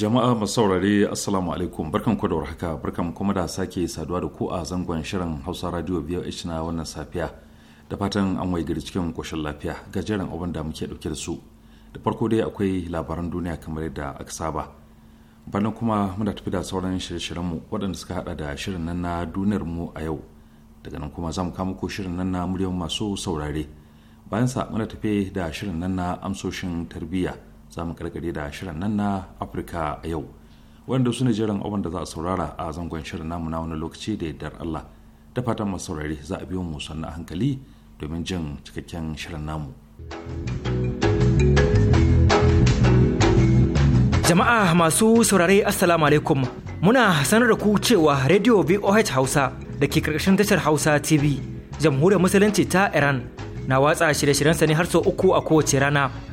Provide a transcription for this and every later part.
jama'a masu saurare assalamu alaikum barkan ku da warhaka barkan kuma da sake saduwa da ku a zangon shirin hausa radio biyar na wannan safiya da fatan an waye gari cikin koshin lafiya gajeren abin da muke dauke da su da farko dai akwai labaran duniya kamar yadda aka saba bayan kuma muna tafi da sauran shirye-shiryen mu waɗanda suka hada da shirin nan na duniyar mu a yau daga nan kuma za mu kama ko shirin nan na muryar masu saurare bayan sa muna tafi da shirin nan na amsoshin tarbiyya za mu karkare da shirin nan na afirka a yau wanda su ne jiran abin da za a saurara a zangon shirin namu na wani lokaci da yardar allah da fatan masu saurari za a biyo mu sannan hankali domin jin cikakken shirin namu jama'a masu saurare assalamu alaikum muna sanar da ku cewa radio voh hausa da ke karkashin tashar hausa tv jamhuriyar musulunci ta iran na watsa shirye-shiryensa ne har sau uku a kowace rana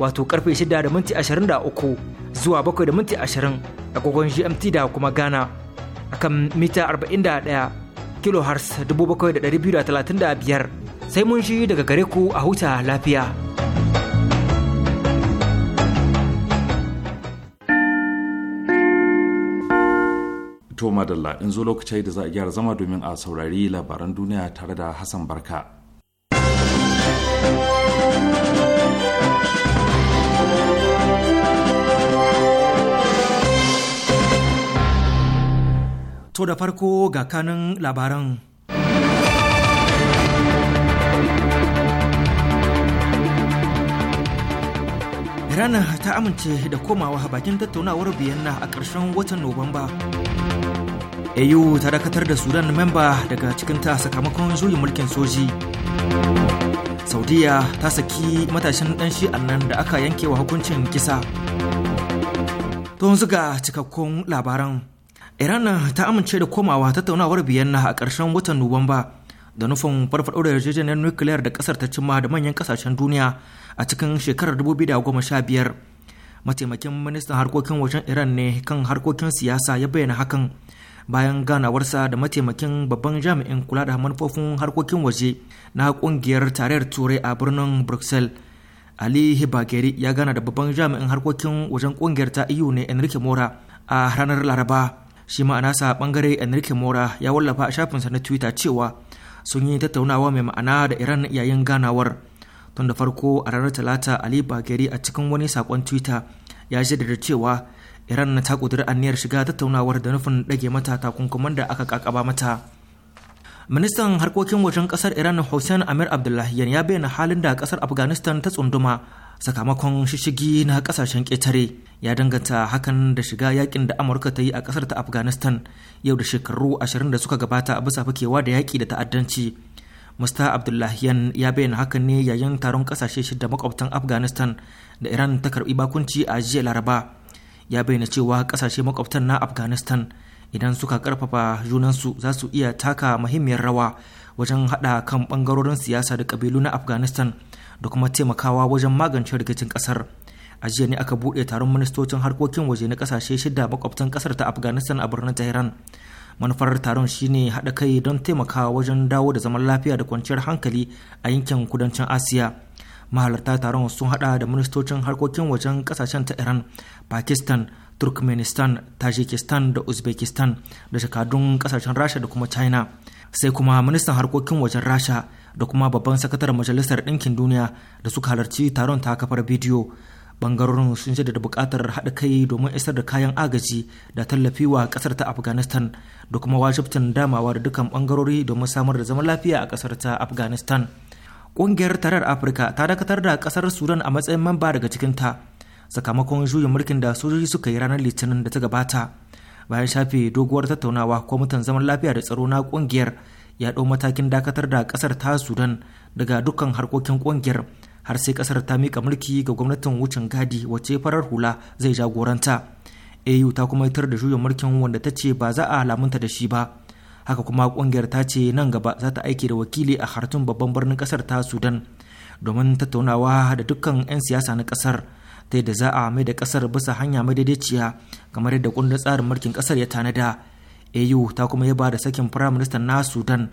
wato karfe 6 da minti 23 zuwa 7 da minti 20 agogon GMT da kuma Ghana akan mita 41 kilohertz 7,235 sai mun shi daga gare ku a huta lafiya. toma madalla in zo lokacin da za a gyara zama domin a saurari labaran duniya tare da Hassan Barka. thank you To da farko ga kanin labaran. Iran ta amince da komawa bakin tattaunawar Vienna a ƙarshen watan Nuwamba. AU ta dakatar da Sudan memba daga cikinta sakamakon juyin mulkin soji. Saudiya ta saki matashin ɗan shi'an nan da aka yankewa hukuncin kisa. Don zuga cikakkun labaran. iran ta amince da komawa tattaunawar biyanna a ƙarshen watan nuwamba da nufin farfaɗo da yarjejeniyar nukiliyar da ƙasar ta cimma da manyan ƙasashen duniya a cikin shekarar 2015 mataimakin ministan harkokin wajen iran ne kan harkokin siyasa ya bayyana hakan bayan ganawarsa da mataimakin babban jami'in kula da manufofin harkokin waje na kungiyar tarayyar turai a birnin bruxelles ali hibageri ya gana da babban jami'in harkokin wajen kungiyar ta iyu e ne enrique mora a ranar laraba shi ma'ana sa bangare enrique mora ya wallafa a shafinsa na twitter cewa sun yi tattaunawa mai ma'ana da iran yayin ganawar tun da farko a ranar talata ali bageri a cikin wani sakon twitter ya jaddada cewa iran ta kudura aniyar shiga tattaunawar da nufin ɗage mata takunkuman da aka kakaba mata ministan harkokin wajen kasar iran hussein amir abdullahiyan ya bayyana halin da kasar afghanistan ta tsunduma sakamakon shishigi na kasashen ƙetare ya danganta hakan da shiga yakin da amurka ta yi a kasar ta afghanistan yau da shekaru ashirin da suka gabata a bisa fakewa da yaki da ta'addanci musta abdullahiyan ya bayyana hakan ne yayin taron kasashe shida makwabtan afghanistan da iran ta karbi bakunci a jiya laraba ya bayyana cewa kasashe makwabtan na afghanistan idan suka karfafa junansu za su iya taka muhimmiyar rawa wajen hada kan bangarorin siyasa da kabilu na afghanistan da kuma taimakawa wajen magance rikicin kasar a jiya ne aka buɗe taron ministocin harkokin waje na kasashe shida makwabtan ƙasar ta afghanistan a birnin tehran manufar taron shine haɗa kai don taimakawa wajen dawo da zaman lafiya da kwanciyar hankali a yankin kudancin asiya mahalarta taron sun haɗa da ministocin harkokin wajen kasashen ta iran pakistan turkmenistan tajikistan da uzbekistan da jakadun kasashen rasha da kuma china sai kuma ministan harkokin wajen rasha da kuma babban sakataren majalisar ɗinkin duniya da suka halarci taron ta kafar bidiyo bangarorin sun da bukatar haɗa kai domin isar da kayan agaji da tallafi wa ƙasar ta afghanistan da kuma wajibtin damawa da dukkan bangarori domin samar da zaman lafiya a ƙasar ta afghanistan ƙungiyar tarar afirka ta dakatar da ƙasar sudan a matsayin mamba daga cikin ta sakamakon juyin mulkin da sojoji suka yi ranar litinin da ta gabata bayan shafe doguwar tattaunawa kwamitin zaman lafiya da tsaro na ƙungiyar ya ɗau matakin dakatar da ƙasar ta sudan daga dukkan harkokin ƙungiyar har sai kasar ta mika mulki ga gwamnatin wucin gadi wacce farar hula zai jagoranta au ta kuma yitar da juyin mulkin wanda ta ce ba za a lamunta da shi ba haka kuma kungiyar ta ce nan gaba za ta aiki da wakili a hartun babban birnin kasar ta sudan domin tattaunawa da dukkan 'yan siyasa na kasar ta yadda za a mai da kasar bisa hanya mai madaidaiciya kamar yadda kundin tsarin mulkin kasar ya tanada au ta kuma ya ba da sakin firaministan na sudan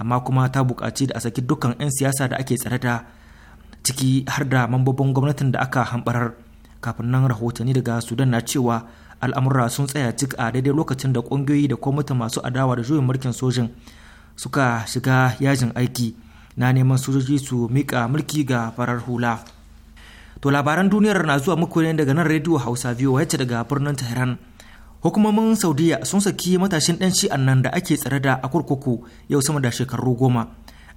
amma kuma ta buƙaci da a saki dukkan 'yan siyasa da ake tsare da ciki har da mambobin gwamnatin da aka hambarar kafin nan rahotanni daga sudan na cewa al'amura sun tsaya cik a daidai lokacin da ƙungiyoyi da kwamitin masu adawa da juyin mulkin sojin suka shiga yajin aiki na neman sojoji su mika mulki ga farar hula to labaran duniyar na zuwa muku ne daga nan rediyo hausa biyu wacce daga birnin tehran hukumomin saudiya sun saki matashin dan shi'an nan da ake tsare da a kurkuku yau sama da shekaru goma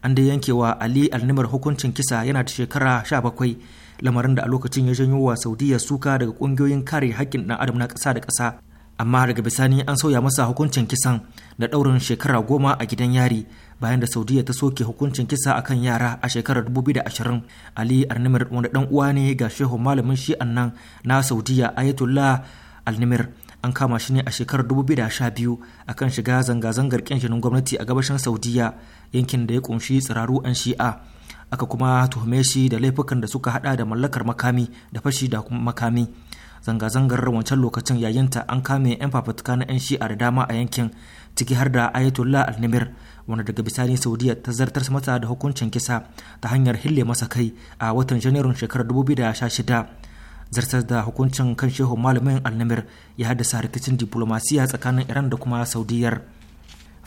an da yankewa ali alnimar hukuncin kisa yana da shekara 17 lamarin da a lokacin ya janyo wa saudiya suka daga kungiyoyin kare haƙƙin ɗan adam na ƙasa da ƙasa amma daga bisani an sauya masa hukuncin kisan da ɗaurin shekara goma a gidan yari bayan da saudiya ta soke hukuncin kisa akan yara a shekarar 2020 ali alnimar wanda ɗan uwa ne ga shehu malamin shi'an nan na saudiya ayatollah alnimir an kama shi ne a shekarar 2012 akan shiga zanga-zangar kyanshinin gwamnati a gabashin saudiya yankin da ya kunshi tsiraru 'yan shi'a aka kuma tuhume shi da laifukan da suka hada da mallakar makami da fashi da makami zanga-zangar wancan lokacin yayinta an kame 'yan fafatuka na 'yan shi'a da dama a yankin ciki har da ayatollah al-nimir wanda daga bisani saudiyya ta zartar masa da hukuncin kisa ta hanyar hille masa kai a watan janairun shekarar shida. zartar da hukuncin kan shehu malamin alnamir ya haddasa rikicin diplomasiya tsakanin iran da kuma saudiyar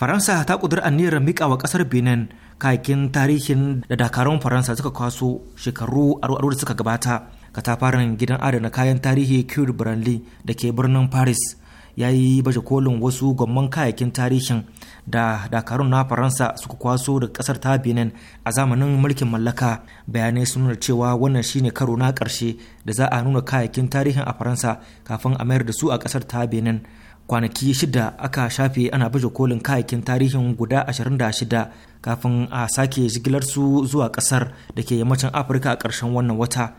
faransa ta kudur aniyar mika wa ƙasar benin kayakin tarihin da dakarun faransa suka kwaso shekaru aru da suka gabata katafaren gidan adana kayan tarihi cure branly da ke birnin paris ya yi baje kolin wasu gwamman kayayyakin tarihin da dakarun na faransa suka kwaso da kasar ta benin a zamanin mulkin mallaka bayanai sun nuna cewa wannan shine karo na karshe da za a nuna kayayyakin tarihin a faransa kafin a mayar da su a kasar ta benin kwanaki shida aka shafe ana baje kolin kayayyakin tarihin guda 26 kafin a sake jigilarsu zuwa kasar da ke yammacin afirka a karshen wannan wata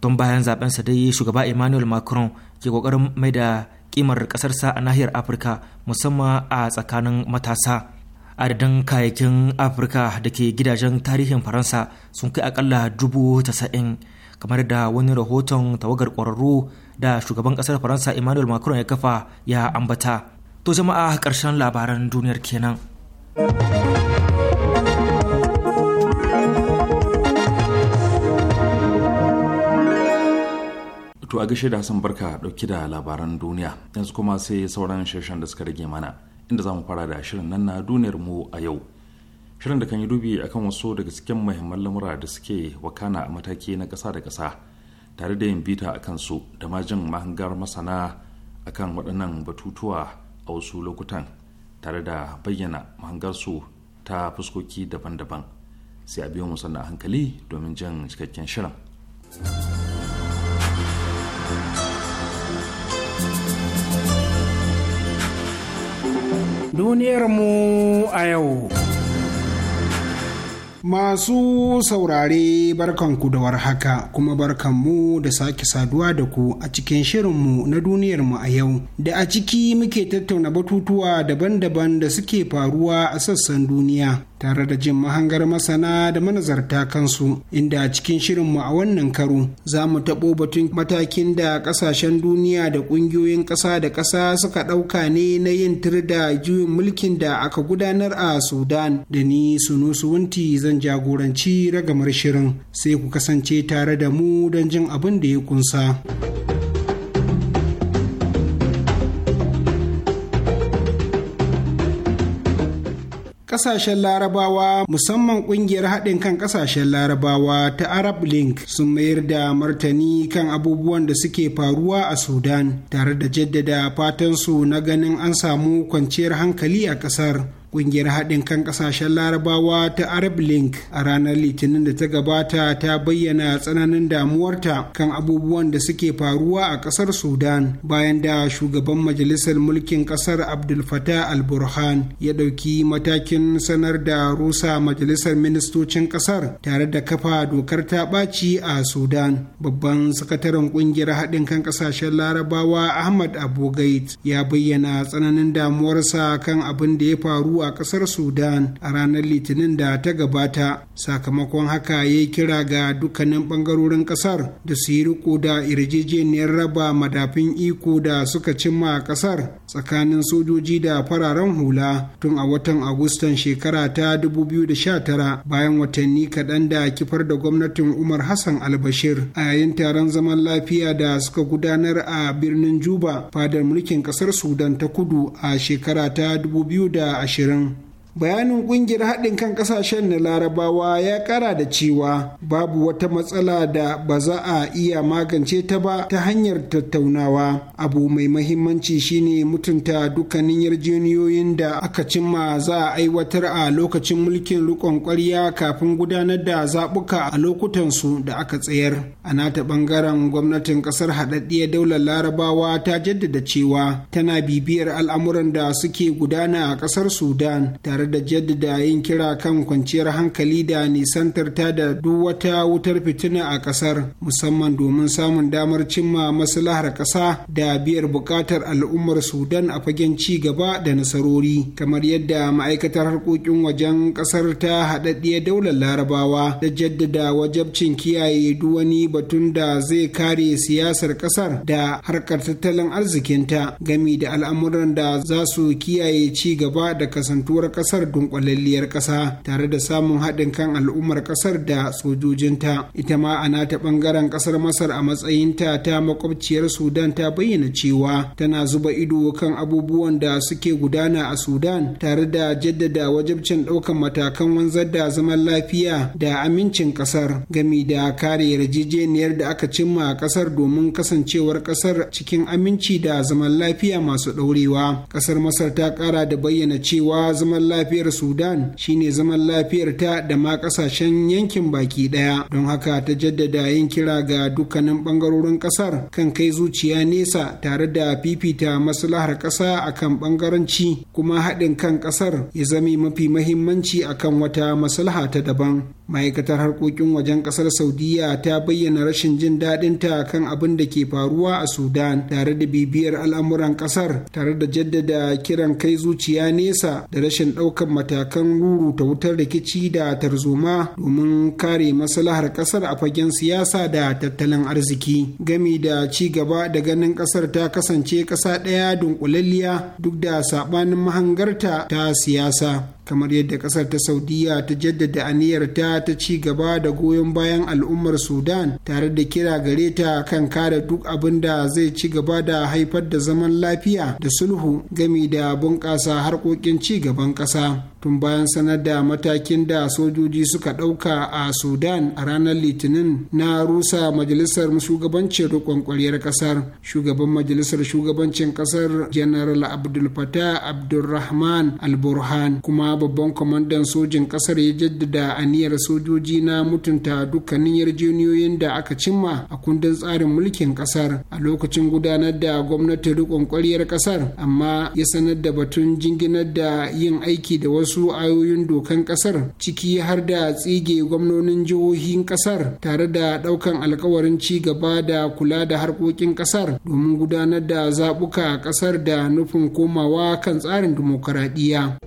don bayan zaben sa dai shugaba emmanuel macron ke kokarin mai da kimar kasarsa a nahiyar afirka musamman a tsakanin matasa adadin kayayyakin afirka da ke gidajen tarihin faransa sun kai akalla dubu tasa'in kamar da wani rahoton tawagar ƙwararru da shugaban kasar faransa emmanuel macron ya kafa ya ambata to jama'a karshen labaran duniyar kenan. To a gashi da Hassan Barka ɗauki da labaran duniya yanzu kuma sai sauran shirshen da suka rage mana inda za mu fara da shirin nan na duniyar mu a yau. Shirin da kan yi dubi akan wasu daga cikin muhimman lamura da suke wakana a mataki na kasa da kasa tare da yin bita a kansu da ma jin mahangar masana akan waɗannan batutuwa a wasu lokutan tare da bayyana mahangarsu ta fuskoki daban-daban sai a biyo mu sannan hankali domin jan cikakken shirin. Duniyarmu a yau. Masu saurare barkan ku da warhaka kuma barkanmu da sake saduwa da ku a cikin shirinmu na duniyarmu a yau da a ciki muke tattauna batutuwa daban-daban da suke faruwa a sassan duniya tare da jin mahangar masana da manazarta kansu inda a cikin mu a wannan karo za mu taɓo batun matakin da ƙasashen duniya da ƙungiyoyin ƙasa da ƙasa suka ɗauka ne na yin tir da juyin mulkin da aka gudanar a sudan da ni sunusu wunti zan jagoranci ragamar shirin sai ku kasance tare da mu don jin abin da ya kunsa. Ƙasashen Larabawa musamman ƙungiyar haɗin kan ƙasashen Larabawa ta Arab Link sun mayar da martani kan abubuwan da suke faruwa a Sudan tare da jaddada fatansu na ganin an samu kwanciyar hankali a ƙasar. Ƙungiyar haɗin kan ƙasashen larabawa ta arab link a ranar litinin da ta gabata ta bayyana tsananin damuwarta kan abubuwan da suke faruwa a ƙasar sudan bayan da shugaban majalisar mulkin ƙasar abdul Fattah al-burhan ya ɗauki matakin sanar da rusa majalisar ministocin ƙasar tare da kafa dokar ta ɓaci a sudan babban sakataren ƙungiyar haɗin kan ƙasashen larabawa ahmad abu ya bayyana tsananin damuwarsa kan abin da ya faru a kasar sudan a ranar litinin da ta gabata sakamakon haka ya yi kira ga dukkanin bangarorin kasar da su yi riko da yarjejeniyar raba madafin iko da suka cimma a kasar tsakanin sojoji da fararen hula tun a watan agustan shekara ta 2019 bayan watanni kaɗan da kifar da gwamnatin umar hassan albashir a yayin taron zaman lafiya da suka gudanar a birnin juba fadar mulkin ƙasar sudan ta kudu a shekara ta 2020 bayanin kungiyar haɗin kan ƙasashen na larabawa ya ƙara da cewa babu wata matsala da ba za a iya magance ta ba ta hanyar tattaunawa abu mai mahimmanci shine mutunta dukkanin yarjejeniyoyin da aka cimma za a aiwatar a lokacin mulkin rikon ƙwarya kafin gudanar da zaɓuka a lokutan su da aka tsayar a nata ɓangaren gwamnatin ƙasar haɗaɗɗiyar daular larabawa ta jaddada cewa tana bibiyar al'amuran da suke gudana a ƙasar sudan tare tare da jaddada yin kira kan kwanciyar hankali da nisantar ta da duk wata wutar fitina a ƙasar musamman domin samun damar cimma maslahar ƙasa da biyar buƙatar al'ummar sudan a fagen ci gaba da nasarori kamar yadda ma'aikatar harkokin wajen ƙasar ta haɗaɗɗiyar daular larabawa da jaddada wajabcin kiyaye duk wani batun da zai kare siyasar ƙasar da harkar tattalin arzikinta gami da al'amuran da za su kiyaye ci gaba da kasantuwar kasar kasar dunkwalalliyar kasa tare da samun haɗin kan al'ummar kasar da sojojinta ita ma a nata ɓangaren ƙasar masar a matsayinta ta makwabciyar sudan ta bayyana cewa tana zuba ido kan abubuwan da suke gudana a sudan tare da jaddada wajibcin ɗaukan matakan wanzar da zaman lafiya da amincin ƙasar gami da kare yarjejeniyar da aka cimma a ƙasar domin kasancewar ƙasar cikin aminci da zaman lafiya masu ɗaurewa ƙasar masar ta ƙara da bayyana cewa zaman lafiya lafiyar sudan shine zaman lafiyar ta da ma kasashen yankin baki daya don haka ta jaddada yin kira ga dukkanin bangarorin kasar kan kai zuciya nesa tare da fifita maslahar kasa akan bangaranci kuma haɗin kan kasar ya zame mafi mahimmanci akan wata maslaha ta daban ma'aikatar harkokin wajen kasar saudiya ta bayyana rashin jin daɗinta kan abin da ke faruwa a sudan tare da bibiyar al'amuran kasar tare da jaddada kiran kai zuciya nesa da rashin ɗaukar matakan ruru ta wutar rikici da tarzoma domin kare maslahar kasar a fagen siyasa da tattalin arziki gami da ci gaba da ganin kasar ta kasance ƙasa ɗaya dunkulalliya duk da saɓanin mahangarta ta siyasa kamar yadda kasar ta saudiya ta jaddada aniyarta ta ci gaba da goyon bayan al'ummar sudan tare da kira gare ta kan kare duk abin da zai ci gaba da haifar da zaman lafiya da sulhu gami da bunƙasa harkokin ci gaban ƙasa tun bayan sanar da matakin da sojoji suka ɗauka a sudan a ranar litinin na rusa majalisar shugabancin rikon ƙwaryar ƙasar shugaban majalisar shugabancin ƙasar general abdul fatah abdulrahman al-burhan kuma kuma babban kwamandan sojin kasar ya jaddada aniyar sojoji na mutunta dukkanin yarjejeniyoyin da aka cimma a kundin tsarin mulkin kasar a lokacin gudanar da gwamnati rikon kwariyar kasar amma ya sanar da batun jinginar da yin aiki da wasu ayoyin dokan kasar ciki har da tsige gwamnonin jihohin kasar tare da ɗaukan alkawarin ci gaba da kula da harkokin kasar domin gudanar da zaɓuka a kasar da nufin komawa kan tsarin dimokuraɗiyya.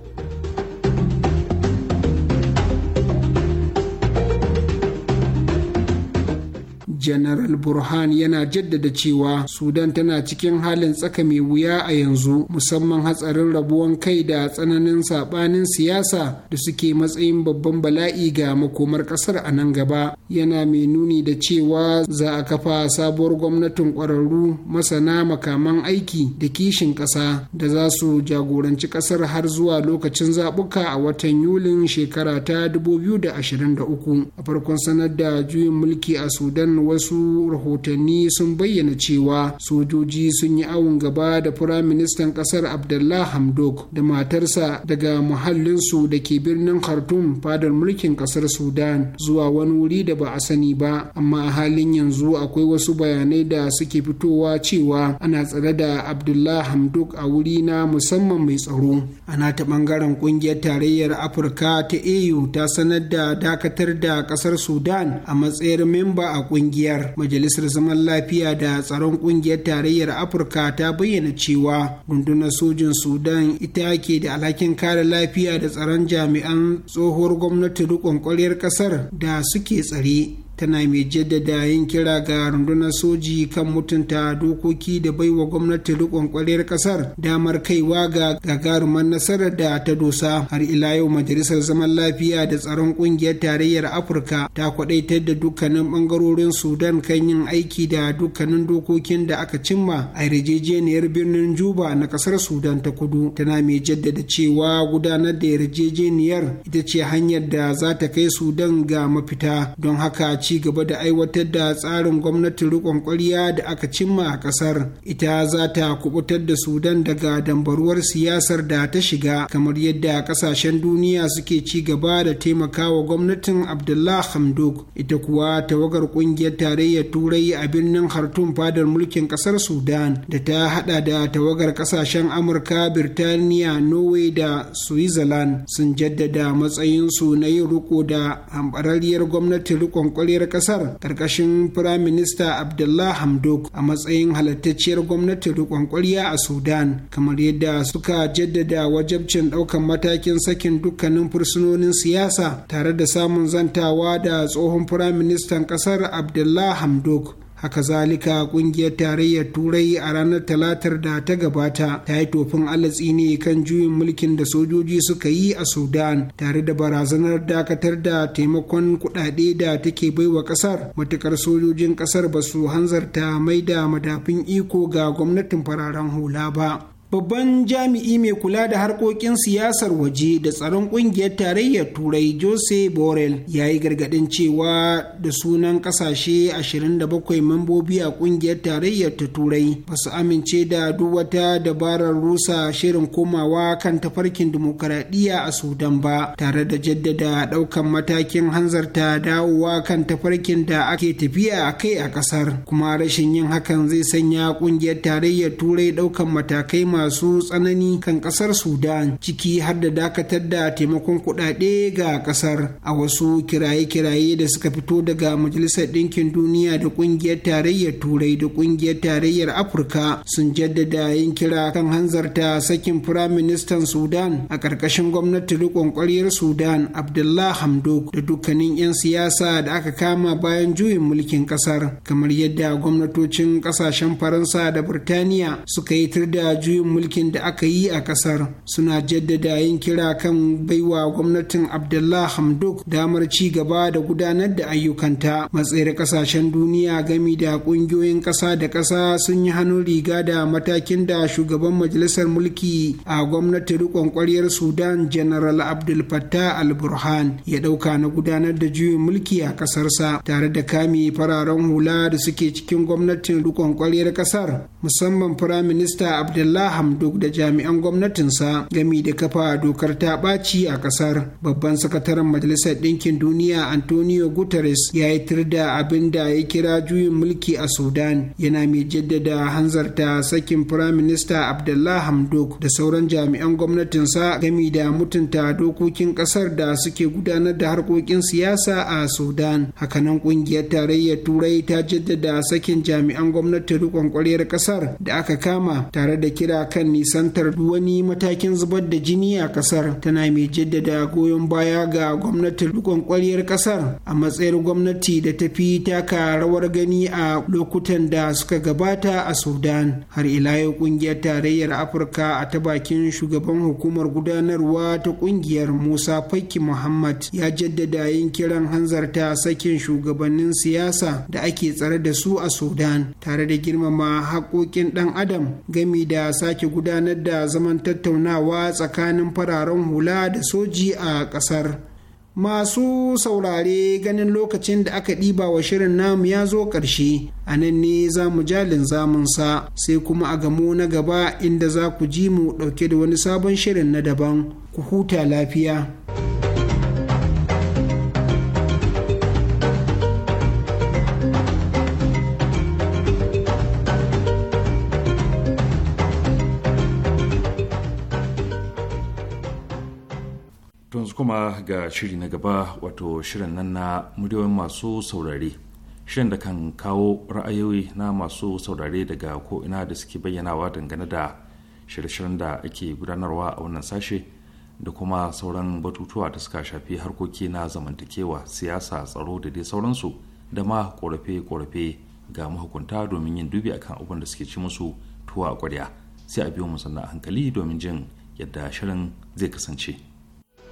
general burhan yana jaddada cewa sudan tana cikin halin tsaka mai wuya a yanzu musamman hatsarin rabuwan kai da tsananin sabanin siyasa da suke matsayin babban bala'i ga makomar kasar a nan gaba yana mai nuni da cewa za a kafa sabuwar gwamnatin kwararru masana makaman aiki da kishin kasa da za su jagoranci kasar har zuwa lokacin zabuka a watan yulin shekara ta 2023 a farkon sanar da juyin mulki a sudan wasu rahotanni sun bayyana cewa sojoji sun yi awon gaba da firaministan kasar abdullah hamdok da matarsa daga muhallinsu da ke birnin khartoum fadar mulkin kasar sudan zuwa wani wuri da ba a sani ba amma a halin yanzu akwai wasu bayanai da suke fitowa cewa ana tsare da abdullah hamdok a wuri na musamman mai tsaro ana ta bangaren kungiyar tarayyar afirka ta au ta sanar da dakatar da kasar sudan a matsayin memba a kungiyar biyar majalisar zaman lafiya da tsaron kungiyar tarayyar afirka ta bayyana cewa rundunar sojin sudan ita ke da alhakin kare lafiya da tsaron jami'an tsohuwar gwamnati riƙon ƙwaryar ƙasar da suke tsare tana mai jaddada yin kira ga rundunar soji kan mutunta dokoki da baiwa gwamnati rikon kwaliyar kasar damar kaiwa ga gagarumar nasarar da ta dosa har ila yau majalisar zaman lafiya da tsaron kungiyar tarayyar afirka ta kwadaitar da dukkanin bangarorin sudan kan yin aiki da dukkanin dokokin da aka cimma a yarjejeniyar birnin juba na kasar sudan ta kudu tana mai jaddada cewa gudanar da yarjejeniyar ita ce hanyar da za ta kai sudan ga mafita don haka ci gaba da aiwatar da tsarin gwamnatin riƙon kwarya da aka cimma a ƙasar ita za ta kubutar da sudan daga dambaruwar siyasar da ta shiga kamar yadda ƙasashen duniya suke ci gaba da taimakawa gwamnatin abdullah hamdok ita kuwa tawagar ƙungiyar tarayyar turai a birnin hartun fadar mulkin ƙasar sudan da ta hada da tawagar ƙasashen amurka birtaniya norway da switzerland sun jaddada matsayinsu na yin riko da hambararriyar gwamnatin rikon ƙwarya makwabciyar kasar karkashin firayim minista abdullah hamdok a matsayin halittacciyar gwamnati rikon kwarya a sudan kamar yadda suka jaddada wajabcin ɗaukan matakin sakin dukkanin fursunonin siyasa tare da samun zantawa da tsohon firayim ministan kasar abdullah hamdok haka zalika kungiyar tarayyar turai a ranar talatar da ta gabata ta yi tofin alatsi ne kan juyin mulkin da sojoji suka yi a sudan tare da barazanar dakatar da taimakon kuɗaɗe da take baiwa ƙasar matukar sojojin ƙasar ba su hanzarta mai da madafin iko ga gwamnatin fararen hula ba Babban jami'i mai kula da harkokin siyasar waje da tsaron kungiyar tarayyar Turai Jose Borrell ya yi gargaɗin cewa da sunan ƙasashe 27 mambobi a kungiyar tarayyar ta Turai ba su amince da duk wata dabarar rusa shirin komawa kan tafarkin dimokuraɗiyya a Sudan ba tare da jaddada ɗaukan matakin hanzarta dawowa kan tafarkin da ake tafiya a kai a ƙasar kuma rashin yin hakan zai sanya kungiyar tarayyar Turai ɗaukan matakai masu tsanani kan kasar sudan ciki har da dakatar da taimakon kudade ga kasar a wasu kiraye-kiraye da suka fito daga majalisar ɗinkin duniya da ƙungiyar tarayyar turai da ƙungiyar tarayyar afirka sun jaddada yin kira kan hanzarta sakin firaministan sudan a ƙarƙashin gwamnati riƙon ƙwaryar sudan abdullah hamdok da dukkanin 'yan siyasa da aka kama bayan juyin mulkin kasar kamar yadda gwamnatocin ƙasashen faransa da birtaniya suka yi tur da juyin mulkin da aka yi a kasar suna jaddada yin kira kan baiwa gwamnatin abdullah hamduk damar ci gaba da gudanar da ayyukanta matsayar kasashen duniya gami da kungiyoyin kasa da kasa sun yi hannun riga da matakin da shugaban majalisar mulki a gwamnati rikon kwaryar sudan general abdul fattah al-burhan ya dauka na gudanar da juyin mulki a kasarsa tare da kame fararen hula da suke cikin gwamnatin rikon kwaryar kasar musamman firaminista abdullah hamdok da jami'an gwamnatinsa gami da kafa dokar ta ɓaci a ƙasar babban sakataren majalisar ɗinkin duniya antonio guterres ya yi da abin da ya kira juyin mulki a sudan yana mai jaddada hanzarta sakin firaminista abdullah hamdok da sauran jami'an gwamnatinsa gami da mutunta dokokin ƙasar da suke gudanar da harkokin siyasa a sudan hakanan ƙungiyar tarayyar turai ta jaddada sakin jami'an gwamnati rikon ƙwaryar ƙasar da aka kama tare da kira kan nisantar wani matakin zubar da jini a kasar tana mai jaddada goyon baya ga gwamnatin rikon kwaryar kasar a matsayin gwamnati da ta fi taka rawar gani a lokutan da suka gabata a sudan har ila yau kungiyar tarayyar afirka a ta bakin shugaban hukumar gudanarwa ta kungiyar musa fakki muhammad ya jaddada yin kiran hanzarta sakin shugabannin siyasa da ake tsare da su a sudan tare da girmama haƙoƙin ɗan adam gami da sake sake gudanar da zaman tattaunawa tsakanin fararen hula da soji a ƙasar. Masu saurare ganin lokacin da aka ɗiba wa shirin namu ya zo ƙarshe, a nan ne za mu jalin zamunsa sai kuma a gamo na gaba inda za ku ji mu ɗauke da wani sabon shirin na daban, ku huta lafiya. kuma ga shiri na gaba wato shirin nan na muryoyin masu saurare shirin da kan kawo ra'ayoyi na masu saurare daga ko'ina da suke bayyanawa dangane da shirye-shiryen da ake gudanarwa a wannan sashe da kuma sauran batutuwa da suka shafi harkoki na zamantakewa siyasa tsaro da dai sauransu da ma korafe-korafe ga mahukunta domin yin dubi akan abin da suke ci musu tuwa a kwarya sai a biyo mu sannan hankali domin jin yadda shirin zai kasance.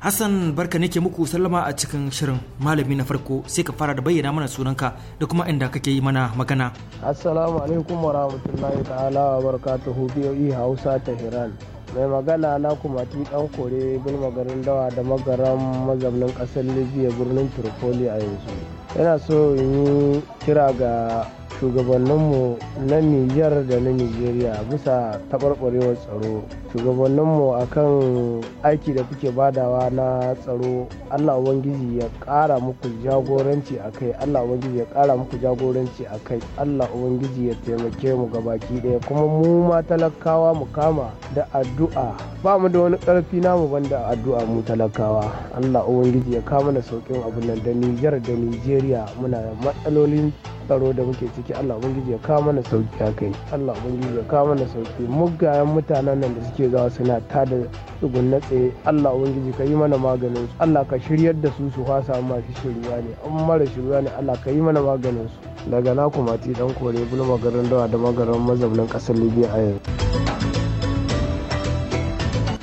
Hassan barka nake muku sallama a cikin shirin malami na farko sai ka fara da bayyana mana sunanka da kuma inda kake yi mana magana. Assalamu alaikum wa rahmatullahi ta'ala wa barakatuhu biyu e Hausa ta Hiran. mai magana na kumati dan kore gulma garin dawa da magaran mazaunin kasar libya birnin tripoli a yanzu yana so yi kira ga shugabanninmu na Nijar da na Nijeriya bisa taɓarɓarewar tsaro. Shugabanninmu a kan aiki da kuke badawa na tsaro Allah Ubangiji ya ƙara muku jagoranci a kai Allah Ubangiji ya ƙara muku jagoranci a kai Allah Ubangiji ya taimake mu gabaki ɗaya kuma mu ma talakawa mu kama da addu'a ba mu da wani ƙarfi namu banda addu'a mu talakawa Allah Ubangiji ya kama da sauƙin abin nan da Nijar da Nijeriya muna da matsalolin tsaro da muke ciki Allah ubangiji ya kawo mana sauki a kai Allah ubangiji ya kawo mana sauki mugayen mutanen nan da suke zawa suna ta tsugun na tsaye Allah ubangiji ka yi mana maganin su Allah ka shiryar da su su fasa masu shiruwa ne an mara shiruwa ne Allah ka yi mana maganin su daga na kuma ti dan kore bulma garin dawa da magaran mazaunin kasar Libya a yanzu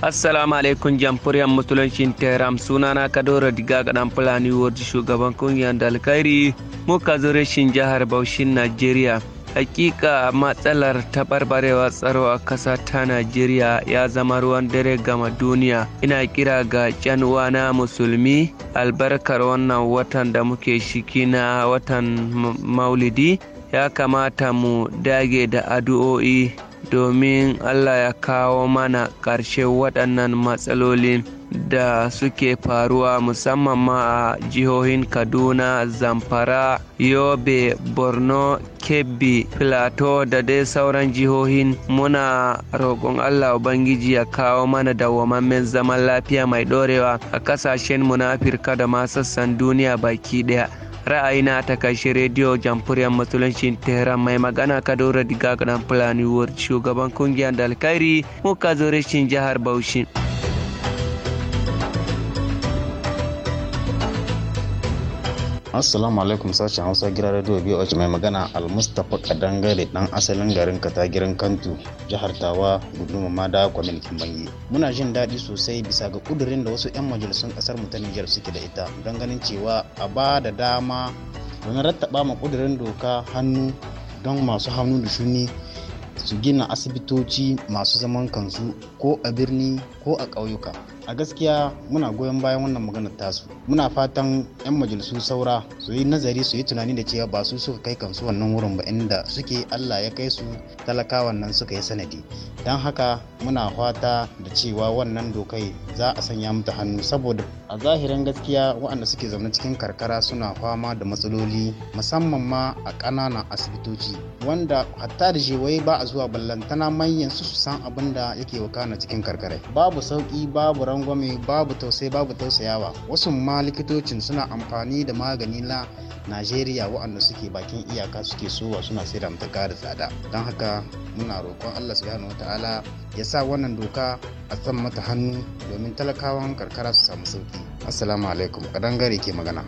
assalamu alaikum jamhuriyar musuluncin tehran sunana kadoro diga gadan fulani wadda shugaban kungiyar dalkairi muka zo rashin jihar baushin najeriya hakika matsalar taɓarɓarewa tsaro a ƙasa ta najeriya ya zama ruwan dare gama duniya ina kira ga can na musulmi albarkar wannan watan da muke shiki na watan maulidi ya kamata mu dage da addu'o'i domin Allah ya kawo mana ƙarshe waɗannan matsalolin da suke faruwa musamman ma a jihohin Kaduna, Zamfara, Yobe, Borno, Kebbi, Filato da dai sauran jihohin muna roƙon Allah Ubangiji ya kawo mana dawwamammen zaman lafiya mai ɗorewa a ƙasashen munafirka da ma sassan duniya baki ɗaya. ra'ayina ta kashi rediyo jamfuriyar musulunci tehran mai magana kadoro diga dan fulani shugaban kungiyar da alkhairi muka zo rashin jihar bauchi. assalamu alaikum sashen hausa gira radio bih mai magana almustapha kadangare dan asalin garin katagirin kantu jihar tawa guduma mada kwamitin bangi muna jin daɗi sosai bisa ga kudurin da wasu 'yan majalisun ƙasar mu ta nijar suke da ita don ganin cewa a ba da dama domin rattaba ma kudurin doka hannu don masu hannu da shuni su gina asibitoci masu zaman kansu ko a birni ko a ƙauyuka a gaskiya muna goyon bayan wannan maganar tasu muna fatan 'yan majalisu saura su yi nazari su yi tunani da cewa ba su suka kai kansu wannan wurin ba inda suke allah ya kai su talakawan nan suka yi sanadi don haka muna fata da cewa wannan dokai za a sanya mata hannu saboda a zahirin gaskiya waɗanda suke zaune cikin karkara suna fama da matsaloli musamman ma a ƙananan asibitoci wanda hatta da wai ba a zuwa ballantana manyan su san abin da yake wakana cikin karkara babu sauƙi babu ran rangwame babu tausai babu tausayawa wasu ma likitocin suna amfani da magani na najeriya waɗanda suke bakin iyaka suke sowa suna sai da mutaka da tsada don haka muna roƙon allah subhanahu wata'ala ya sa wannan doka a san mata hannu domin talakawan karkara su samu sauki assalamu alaikum kadan gare ke magana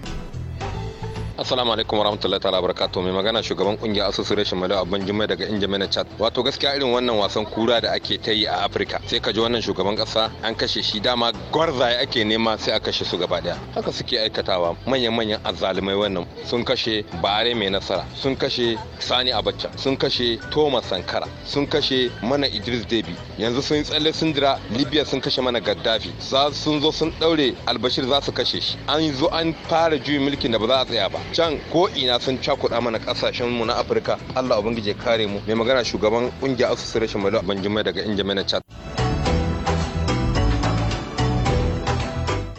Assalamu alaikum warahmatullahi ta'ala barakatuh mai magana shugaban kungiyar association Malau Abban Jummai daga na Chat. Wato gaskiya irin wannan wasan kura da ake ta yi a Afirka sai ka ji wannan shugaban kasa an kashe shi dama gwarzaye ake nema sai a kashe su gaba daya. Haka suke aikatawa manyan-manyan azzalumai wannan sun kashe Bare mai nasara, sun kashe Sani Abacha, sun kashe Thomas Sankara, sun kashe mana Idris debi Yanzu sun yi tsalle sun jira Libya sun kashe mana Gaddafi. Za sun zo sun daure Albashir za su kashe shi. An zo an fara juyin mulkin da ba za a tsaya ba. can ko ina sun cakuɗa mana kasashen mu na afirka allah ubangiji kare mu mai magana shugaban ƙungiyar association malu banjima daga na chat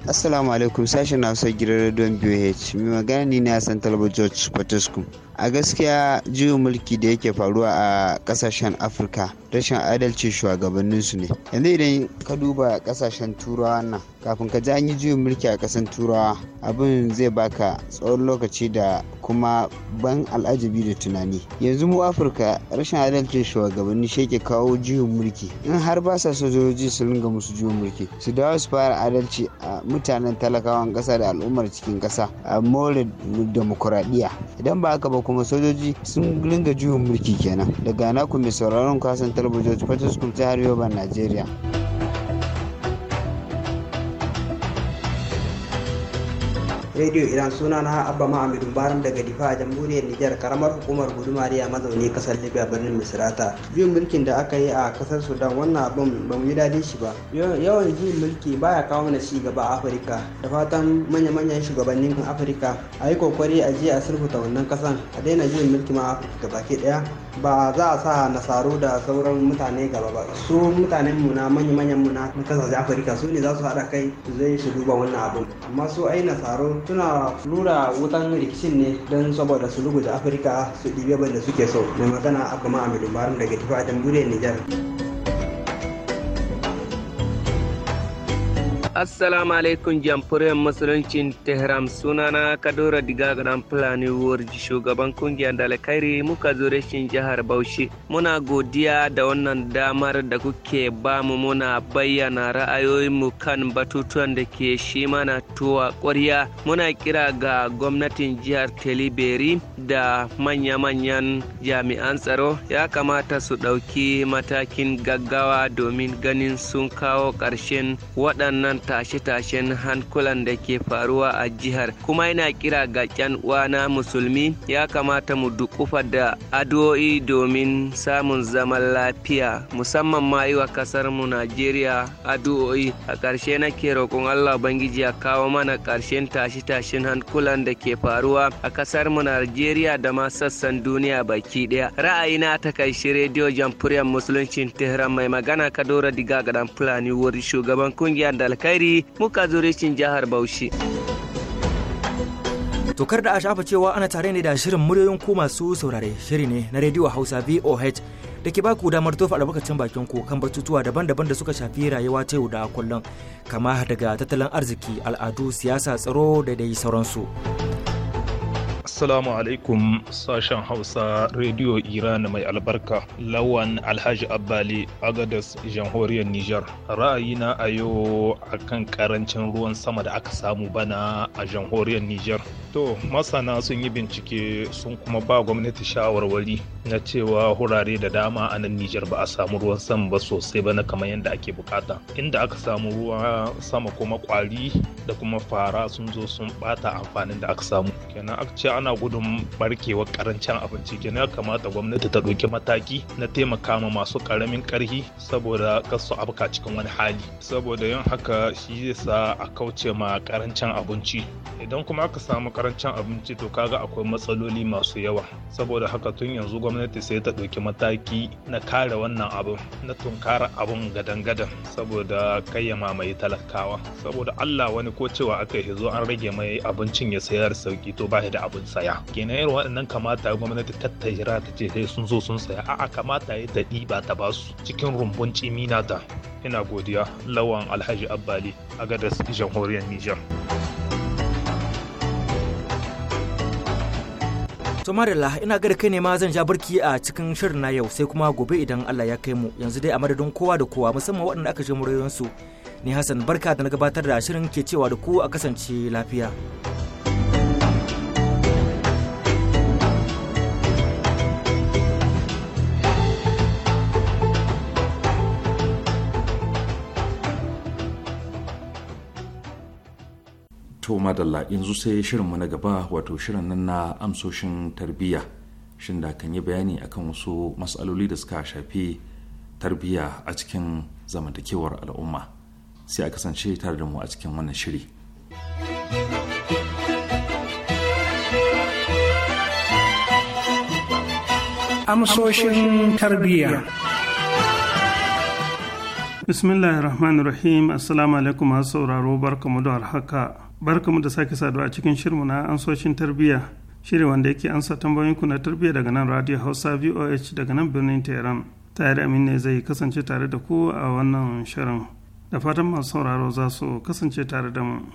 Assalamu alaikum sashen Hausa gidan Radio bh Mai magana ne na san talabar George kwatasku. a gaskiya juyin mulki da yake faruwa a kasashen afirka rashin adalci su ne yanzu idan ka duba kasashen turawa nan kafin ka ji an yi juyin mulki a kasan turawa abin zai baka tsawon lokaci da kuma ban al'ajabi da tunani yanzu mu afirka rashin adalcin shugabanni shi ke kawo juyin mulki in har ba sa sojoji su ringa musu juyin mulki su dawo su fara adalci a mutanen talakawan kasa da al'ummar cikin kasa a more demokuraɗiyya idan ba haka ba kuma sojoji sun ringa juyin mulki kenan daga naku mai sauraron kasan talabijin fataskum jihar yoban najeriya Rediyo iran suna na abba ma'amidu baran daga difa a jamhuriyar nijar karamar hukumar riya mazauni kasar libya birnin misrata biyun mulkin da aka yi a kasar sudan wannan abin ba mu yi dadi shi ba yawan biyun mulki baya kawo mana ci gaba a afirka da fatan manya-manyan shugabannin afirka a yi kokari a je a sulhuta wannan kasan a daina biyun mulki ma afirka baki ɗaya ba za a sa nasaru da sauran mutane gaba ba su mutanen mu na manya-manyan mu na kasashen afirka su ne za su haɗa kai zai su duba wannan abin amma su ai nasaru suna lura wutan rikicin ne don saboda su da afirka su ɗibe da suke so mai magana a kuma barin daga daga don jamhuriyar nijar assalamu alaikum jamfuriyar musuluncin tehran sunana kadora diga gadan fulani warji shugaban kungiyar dalakairi muka zo rashin jihar bauchi muna godiya da wannan damar da kuke bamu muna bayyana mu kan batutuwan da ke shi mana tuwa ƙwarya muna kira ga gwamnatin jihar teliberi da manya-manyan jami'an tsaro ya kamata su ɗauki matakin gaggawa domin ganin sun kawo ƙarshen waɗannan tashe-tashen hankulan da ke faruwa a jihar kuma yana kira ga ƙyan uwana musulmi ya kamata mu dukufa da addu'o'i domin samun zaman lafiya musamman ma yi wa kasar mu Najeriya addu'o'i a ƙarshe nake roƙon Allah bangiji ya kawo mana ƙarshen tashe-tashen hankulan da ke faruwa a kasar mu Najeriya da ma sassan duniya baki ɗaya ra'ayina ta kai shi rediyo jamhuriyar musuluncin Tehran mai magana Kadora Diga Gadan Fulani wuri shugaban kungiyar dalkai alheri muka zo reshin jihar Bauchi. Tokar da a shafa cewa ana tare ne da shirin muryoyin ku masu saurare shiri ne na rediyo Hausa VOH da ke baku damar tofa albarkacin bakin ku kan batutuwa daban-daban da suka shafi rayuwa ta yau da kullum kama daga tattalin arziki, al'adu, siyasa, tsaro da dai sauransu. Assalamu alaikum sashen Hausa Radio Iran mai albarka. Lawan Alhaji Abbali Agadas Jamhuriyar Nijar. Ra'ayina a yau akan karancin ruwan sama da aka samu bana a Jamhuriyar Nijar. To, masana sun yi bincike sun kuma ba gwamnati shawarwari na cewa hurare da dama a nan Nijar ba a samu ruwan sama ba sosai ba na kamar yadda ake bukata. Inda aka samu ruwa sama kuma kwari da kuma fara sun zo sun bata amfanin da aka samu. Kenan aka ana gudun barkewar karancin abinci ke ya kamata gwamnati ta ɗauki mataki na taimaka ma masu ƙaramin ƙarfi saboda kasu abuka cikin wani hali saboda yin haka shi zai sa a kauce ma karancin abinci idan kuma aka samu karancin abinci to kaga akwai matsaloli masu yawa saboda haka tun yanzu gwamnati sai ta ɗauki mataki na kare wannan abin na tunkara abin gadan-gadan saboda kai ya mamaye talakawa saboda allah wani ko cewa aka yi zo an rage mai abincin ya sayar sauki to ba da abinci saya kenan irin waɗannan kamata gwamnati ta jira ta ce sai sun zo sun saya a'a kamata ya daɗi ɗiba ta ba su cikin rumbun cimina da ina godiya lawan alhaji abbali a gadar jamhuriyar nijar To Marilla, ina ga da kai ne ma zan ja barki a cikin shirin na yau sai kuma gobe idan Allah ya kai mu. Yanzu dai a madadin kowa da kowa musamman waɗanda aka je murayensu. Ni Hassan barka da na gabatar da shirin ke cewa da ku a kasance lafiya. to madalla yanzu sai shirinmu na gaba wato shirin nan na amsoshin tarbiyya shin da kan yi bayani akan wasu matsaloli da suka shafi tarbiyya a cikin zamantakewar al'umma sai a kasance tare da mu a cikin wannan shiri amsoshin tarbiyya Bismillahirrahmanirrahim Assalamu alaikum masu sauraro barkamu da warhaka. Barkamu da sake saduwa a cikin shirmu na ansoshin tarbiyya. Shiri wanda yake ansa tambayoyinku na tarbiyya daga nan Radio Hausa VOH daga nan birnin Tehran. Tare da ne zai kasance tare da ku a wannan shirin. Da fatan masu sauraro za su kasance tare da mu.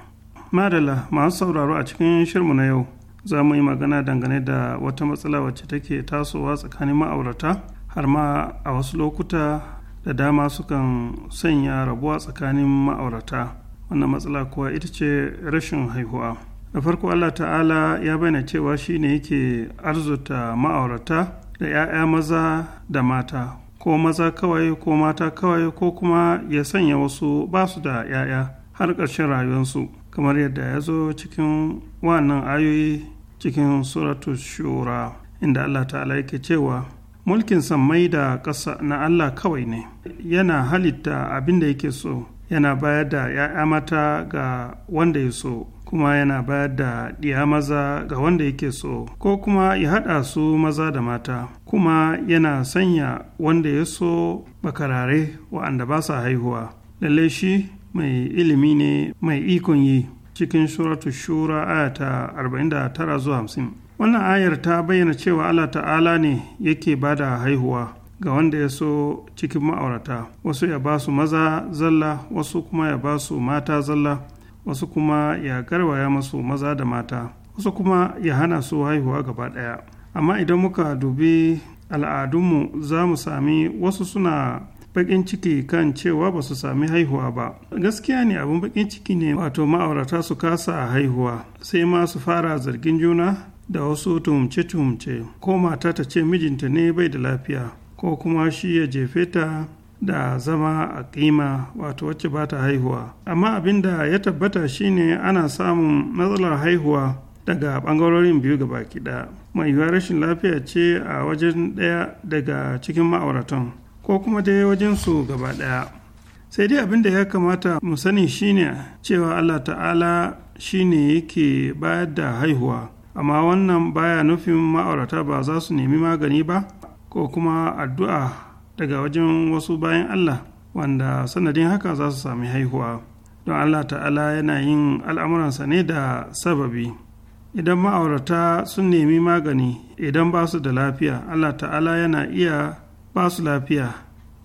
madala masu sauraro a cikin shirmu na yau za mu yi magana dangane da wata matsala wacce take tasowa tsakanin ma'aurata har ma a wasu lokuta da dama sukan sanya rabuwa tsakanin ma'aurata wannan matsala kuwa ita ce rashin haihuwa da farko allah ta'ala ya bayyana cewa shine yake arzuta ma'aurata da 'ya'ya maza da mata ko maza kawai ko mata kawai ko kuma ya sanya wasu ba su da 'ya'ya har ƙarshen rayuwarsu kamar yadda ya zo cikin wannan ayoyi cikin suratu shura inda allah ta'ala yake cewa mulkin sammai da ƙasa na Allah kawai ne yana halitta abin da yake so yana bayar da ‘ya'ya mata ga wanda ya so kuma yana bayar da ɗiya maza ga wanda yake so ko kuma ya haɗa su maza da mata kuma yana sanya wanda ya so bakarare wa'anda ba sa haihuwa lalle shi mai ilimi ne mai ikon yi cikin shuratu shura ta 49 zuwa 50 wannan ayar ta bayyana cewa allah ta'ala ne yake ba da haihuwa ga wanda ya so cikin ma'aurata wasu ya ba su maza zalla wasu kuma ya ba su mata zalla wasu kuma ya garwaya masu maza da mata wasu kuma ya hana su haihuwa gaba ɗaya amma idan muka dubi al'adunmu za mu sami wasu suna bakin ciki kan cewa ba su sami haihuwa ba gaskiya ne abin bakin ciki ne wato ma'aurata su kasa haihuwa sai ma su fara zargin juna da wasu tuhumce-tuhumce ko mata ta ce mijinta ne bai da lafiya ko kuma shi ya jefe ta da zama a kima wato wacce ba ta haihuwa amma abin da ya tabbata shine ana samun matsalar haihuwa daga bangarorin biyu gaba ɗaya mai yiwuwa rashin lafiya ce a wajen ɗaya daga cikin ma'auratan ko kuma dai wajen su gaba ɗaya sai dai abin da ya kamata mu sani shine cewa allah ta'ala shine yake bayar da haihuwa amma wannan baya nufin ma'aurata ba za su nemi magani ba ko kuma addu'a daga wajen wasu bayan Allah wanda sanadin haka za su sami haihuwa don Allah ta'ala yana yin al'amuransa ne da sababi idan ma'aurata sun nemi magani idan ba su da lafiya Allah ta'ala yana iya ba su lafiya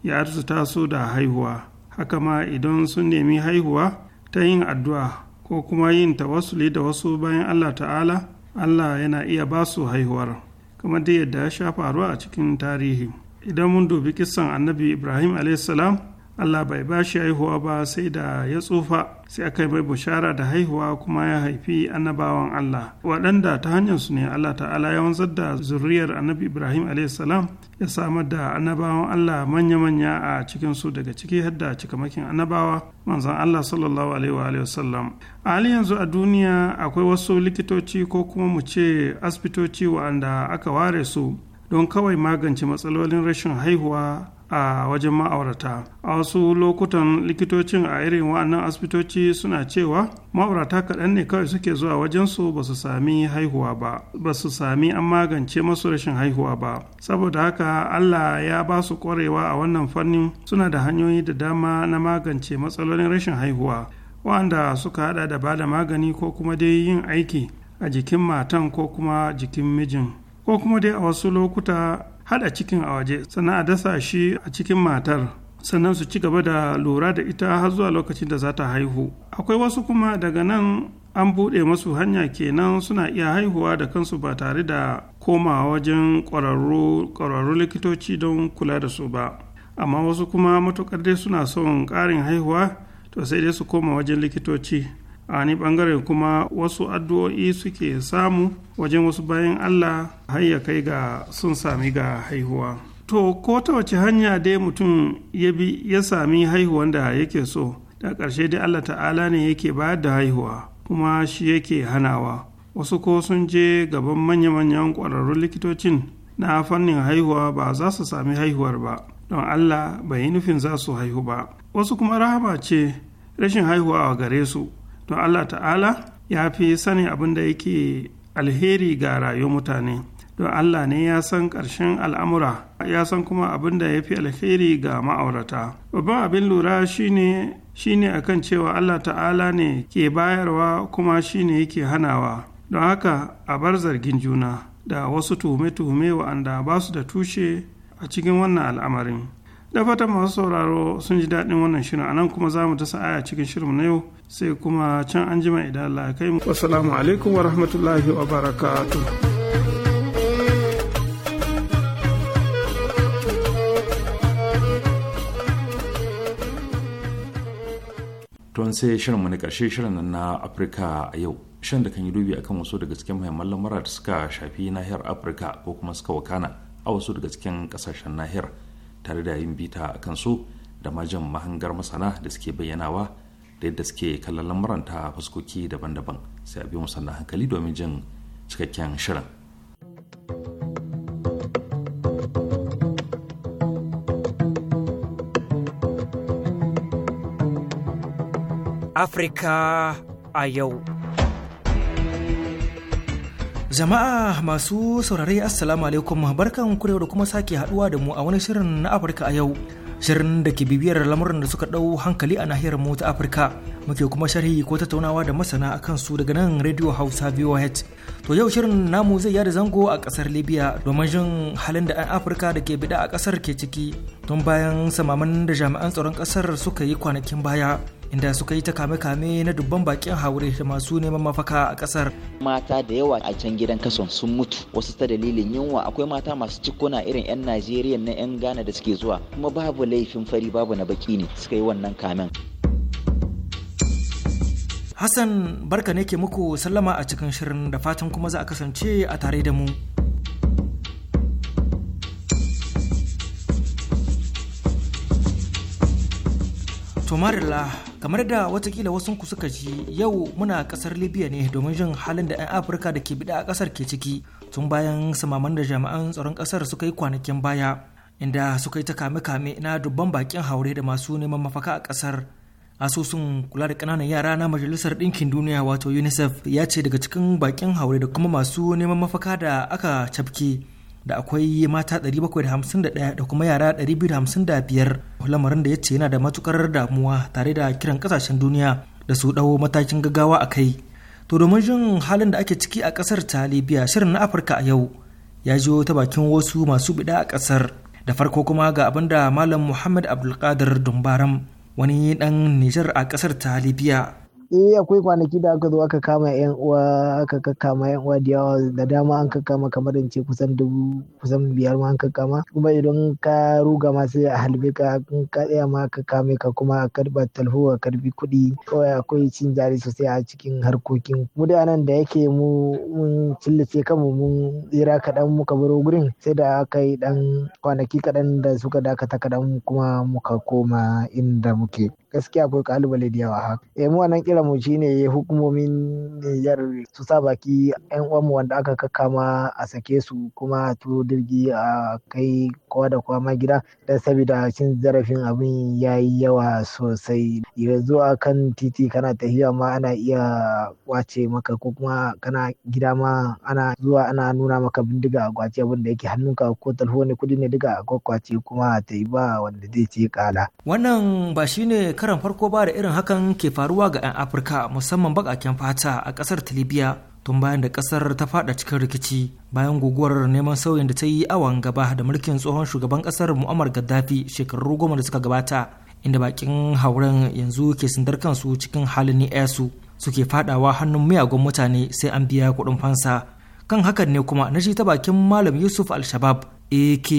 ya arzuta su da haihuwa haka ma idan sun nemi haihuwa ta yin addu'a ko kuma yin tawassuli da wasu bayan Allah ta'ala allah yana iya ba su haihuwar kamar da yadda ya sha faruwa a cikin tarihi idan mun dubi kisan annabi ibrahim salam Allah bai ba shi haihuwa ba sai da ya tsufa sai aka yi mai bushara da haihuwa kuma ya haifi annabawan Allah waɗanda ta hanyar su ne Allah ta'ala ya wanzar da zuriyar annabi Ibrahim salam ya samar da annabawan Allah manya-manya a cikinsu daga ciki har da cikamakin annabawa manzon Allah sallallahu alaihi wasallam a halin yanzu a duniya akwai wasu likitoci ko kuma mu ce asibitoci waɗanda aka ware su don kawai magance matsalolin rashin haihuwa a wajen ma'aurata a wasu lokutan likitocin a irin wa'annan asibitoci suna cewa ma'aurata kaɗan ne kawai suke zuwa wajensu ba su sami haihuwa ba ba su sami an magance masu rashin haihuwa ba saboda haka allah ya ba su ƙwarewa a wannan fannin suna da hanyoyi da dama na magance matsalolin rashin haihuwa wanda suka haɗa da bada magani ko kuma dai yin aiki a jikin matan ko kuma jikin mijin ko kuma dai a wasu lokuta hada cikin a waje sannan a dasa shi a cikin matar sannan su ci gaba da lura da ita har zuwa lokacin da za ta haihu akwai wasu kuma daga nan an buɗe masu hanya kenan suna iya haihuwa da kansu ba tare da komawa wajen ƙwararru likitoci don kula da su ba amma wasu kuma matuƙar dai suna son ƙarin haihuwa to sai dai su koma wajen likitoci a wani bangare kuma wasu addu'o'i suke samu wajen wasu bayan allah har ya kai ga sun sami ga haihuwa to ko ta wace hanya dai mutum ya bi ya sami haihuwan da yake so da ƙarshe dai allah ta'ala ne yake bayar da haihuwa kuma shi yake hanawa wasu ko sun je gaban manya-manyan ƙwararrun likitocin na fannin haihuwa ba za su sami haihuwar ba don allah bai yi nufin za su haihu ba wasu kuma rahama ce rashin haihuwa a gare su to Allah ta'ala ya fi sani abin da yake alheri ga rayuwar mutane don Allah ne ya san ƙarshen al'amura ya san kuma abin da ya fi alheri ga ma'aurata babban abin lura shine shine akan cewa Allah ta'ala ne ke bayarwa kuma shine yake hanawa don haka a bar zargin juna da wasu tuhume-tuhume wa'anda ba su da tushe a cikin wannan al'amarin da fatan masu sauraro sun ji daɗin wannan shirin anan kuma za mu ta aya cikin shirin na yau sai kuma can an jima idan Allah kai mu assalamu alaikum wa rahmatullahi wa barakatuh don sai shirin na karshe shirin na afirka a yau shirin da kan yi dubi akan wasu daga cikin muhimman lamura da suka shafi nahiyar afirka ko kuma suka wakana a wasu daga cikin kasashen nahiyar tare da yin bita a kansu da majin mahangar masana da suke bayyanawa da yadda suke kallon lamuran ta fuskoki daban-daban sai a biyo hankali domin jin cikakken shirin. Afirka a yau. Jama'a masu saurare Assalamu alaikum barkan kurewa da kuma sake haduwa da mu a wani shirin na Afirka a yau. Shirin da ke bibiyar lamurin da suka ɗau hankali a nahiyar mu ta Afirka. Muke kuma sharhi ko tattaunawa da masana akan su daga nan Radio Hausa VOH. To yau shirin namu zai yada zango a kasar Libya domin jin halin da 'yan Afirka da ke bida a kasar ke ciki tun bayan samaman da jami'an tsaron kasar suka yi kwanakin baya. inda suka yi ta kame-kame na dubban bakin haure da masu neman mafaka a kasar. Mata da yawa a can gidan kason sun mutu wasu ta dalilin yunwa akwai mata masu cikuna irin 'yan Najeriya na 'yan Ghana da suke zuwa kuma babu laifin fari babu na baki ne suka yi wannan kamen. Hassan barka ne ke muku sallama a cikin shirin da fatan kuma za a kasance a tare da mu. Tomarilla kamar da watakila wasu ku suka ji yau muna kasar Libya ne domin jin halin da 'yan Afirka da ke bida a kasar ke ciki tun bayan samaman da jami'an tsaron kasar suka yi kwanakin baya inda suka yi ta kame-kame na dubban bakin haure da masu neman mafaka a kasar. asusun kula da ƙananan yara na majalisar ɗinkin duniya wato unicef ya ce daga cikin bakin haure da kuma masu neman mafaka da aka cafke da akwai mata 751 da kuma yara 255 lamarin da ya ce yana da matukar damuwa tare da kiran kasashen duniya da su ɗau matakin gaggawa a kai to domin jin halin da ake ciki a ƙasar ta libya shirin na afirka a yau ya jiyo ta bakin wasu masu bida a ƙasar da farko kuma ga abin da malam muhammad abdulkadir dumbaram wani ɗan nijar a ƙasar ta libya eh akwai kwanaki da aka zo aka kama yan uwa aka kakkama yan uwa da yawa da dama an kakkama kamar in ce kusan dubu kusan biyar ma an kakkama kuma idan ka ruga ma sai a halbe ka in ka tsaya ma ka kame ka kuma a karba talho a karbi kuɗi kawai akwai cin jari sosai a cikin harkokin mu da nan da yake mu mun cillace kanmu mun tsira kaɗan muka baro gurin sai da aka yi ɗan kwanaki kaɗan da suka dakata kaɗan kuma muka koma inda muke. gaskiya akwai kalubale da yawa haka eh mu wannan kira mu shine hukumomin Niger su sa baki ƴan uwan mu wanda aka kakkama a sake su kuma a turo dirgi a kai kowa da kowa ma gida dan saboda cin zarafin abin yayi yawa sosai yanzu a kan titi kana tafiya ma ana iya kwace maka ko kuma kana gida ma ana zuwa ana nuna maka bindiga a kwace abin da yake hannunka ko talfoni ne kudi ne duka a kwakwace kuma ta yi ba wanda zai ce kala wannan ba shine Karon farko ba da irin hakan ke faruwa ga 'yan afirka musamman bakaken fata a kasar ta libya tun bayan da kasar ta fada cikin rikici bayan guguwar neman sauyin da ta yi awon gaba da mulkin tsohon shugaban kasar mu'ammar gaddafi shekaru goma da suka gabata inda bakin hauren yanzu ke sindar kansu cikin halin su, suke fadawa hannun miyagun mutane sai an biya kuɗin fansa kan hakan ne kuma na ta bakin malam yusuf al-shabab aka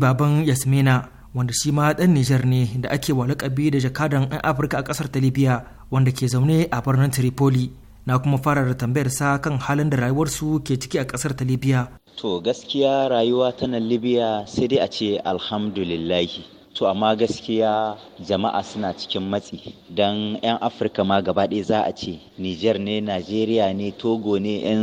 baban yasmina wanda shi ma ɗan Nijar ne da ake wa lakabi da jakadan ɗan Afirka a kasar talibiya Libya wanda ke zaune a birnin Tripoli. Na kuma fara da tambayar sa kan halin da rayuwarsu ke ciki a kasar talibiya. Libya. To gaskiya rayuwa ta nan Libya sai dai a ce alhamdulillahi. to amma gaskiya jama'a suna cikin matsi don 'yan afirka ma gaba ɗaya za a ce niger ne nigeria ne togo ne 'yan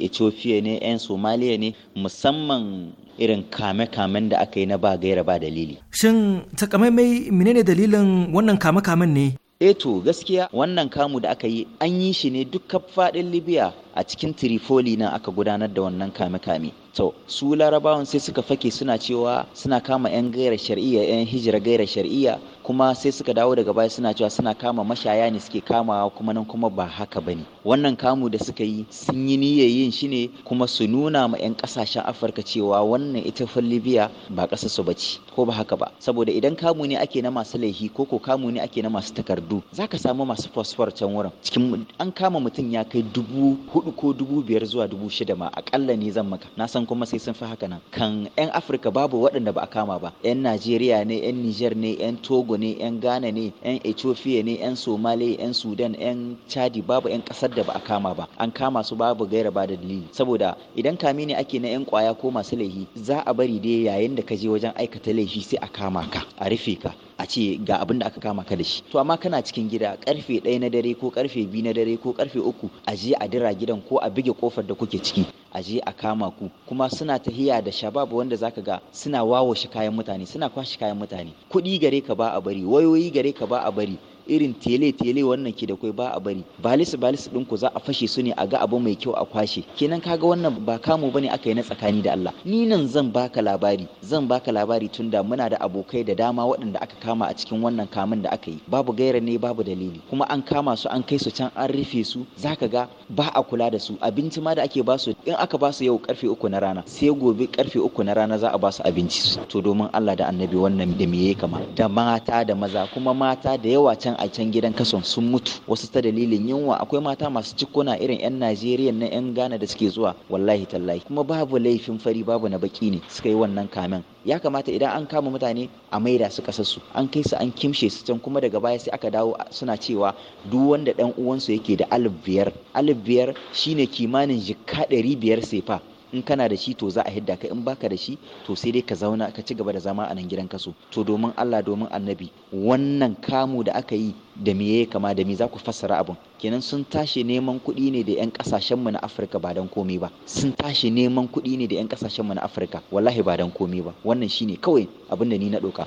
ethiopia ne 'yan somaliya ne musamman irin kame-kamen da aka yi na ba gaira ba dalili. Shin takamaimai menene dalilin wannan kame-kamen ne? Eto eh gaskiya wannan kamu da aka yi an yi shi ne duk faɗin Libya a cikin tirifoli na aka gudanar da wannan kame-kame. To, su larabawan sai suka fake suna cewa suna kama 'yan gairar shari'a 'yan hijira gairar shari'a kuma sai suka dawo daga baya suna cewa suna kama mashaya ne suke kamawa kuma nan kuma ba haka ba ne. Wannan kamu da suka yi sun yi niyyar shi ne kuma su nuna ma 'yan kasashen Afirka cewa wannan ita fa Libya ba ƙasa su bace ko ba haka ba. Saboda idan kamu ne ake na masu laifi ko ko kamu ne ake na masu takardu zaka samu masu fosfor can wurin. Cikin an kama mutum ya kai dubu hudu ko dubu biyar zuwa dubu shida ma akalla ne zan maka na san kuma sai sun fi haka nan kan yan afirka babu waɗanda ba a kama ba yan najeriya ne yan niger ne yan togo ne yan ghana ne yan ethiopia ne yan somali yan sudan yan chadi babu yan ƙasar da ba a kama ba an kama su babu gaira ba da dalili saboda idan kame ne ake na yan kwaya ko masu laifi za a bari dai yayin da ka je wajen aikata laifi sai a kama ka a rufe ka a ce ga abin da aka kama ka da shi to amma kana cikin gida karfe ɗaya na dare ko karfe biyu na dare ko karfe uku a je a dira gidan ko a bige kofar da kuke ciki a je a kama ku kuma suna tahiya da shabab wanda zaka ga suna shi kayan mutane suna kwashe kayan mutane kuɗi gare ka ba a bari wayoyi gare ka ba a bari irin tele-tele wannan ke da kai ba a bari balis balis ɗin ku za a fashe su ne a ga abu mai kyau a kwashe kenan kaga wannan ba kamu bane aka yi na tsakani da Allah ni nan zan baka labari zan baka labari tunda muna da abokai da dama waɗanda aka kama a cikin wannan kamun da aka yi babu gaira ne babu dalili kuma an kama su an kai su can an rufe su zaka ga ba a kula da su abinci ma da ake ba su in aka ba su yau karfe uku na rana sai gobe karfe uku na rana za a ba su abinci to domin Allah da annabi wannan da me kama da mata da maza kuma mata da yawa can nan a can gidan kason sun mutu wasu ta dalilin yunwa akwai mata masu cikuna irin 'yan najeriya na 'yan ghana da suke zuwa wallahi tallahi kuma babu laifin fari babu na baki ne suka yi wannan kamen ya kamata idan an kama mutane a maida su su, an kai su an kimshe su can kuma daga baya sai aka dawo suna cewa duk wanda dan uwansu yake da alif biyar alif biyar shine kimanin jikka ɗari biyar sefa in kana da shi to za a hidda ka in baka da shi to sai dai ka zauna ka ci gaba da zama a nan gidan kaso to domin Allah domin annabi wannan kamu da aka yi da me ya kama da me za ku fassara abun kenan sun tashi neman kuɗi ne da 'yan kasashen mu na Afirka ba dan komai ba sun tashi neman kuɗi ne da 'yan kasashen mu na Afirka wallahi ba dan komai ba wannan shine kawai abin da ni na ɗauka.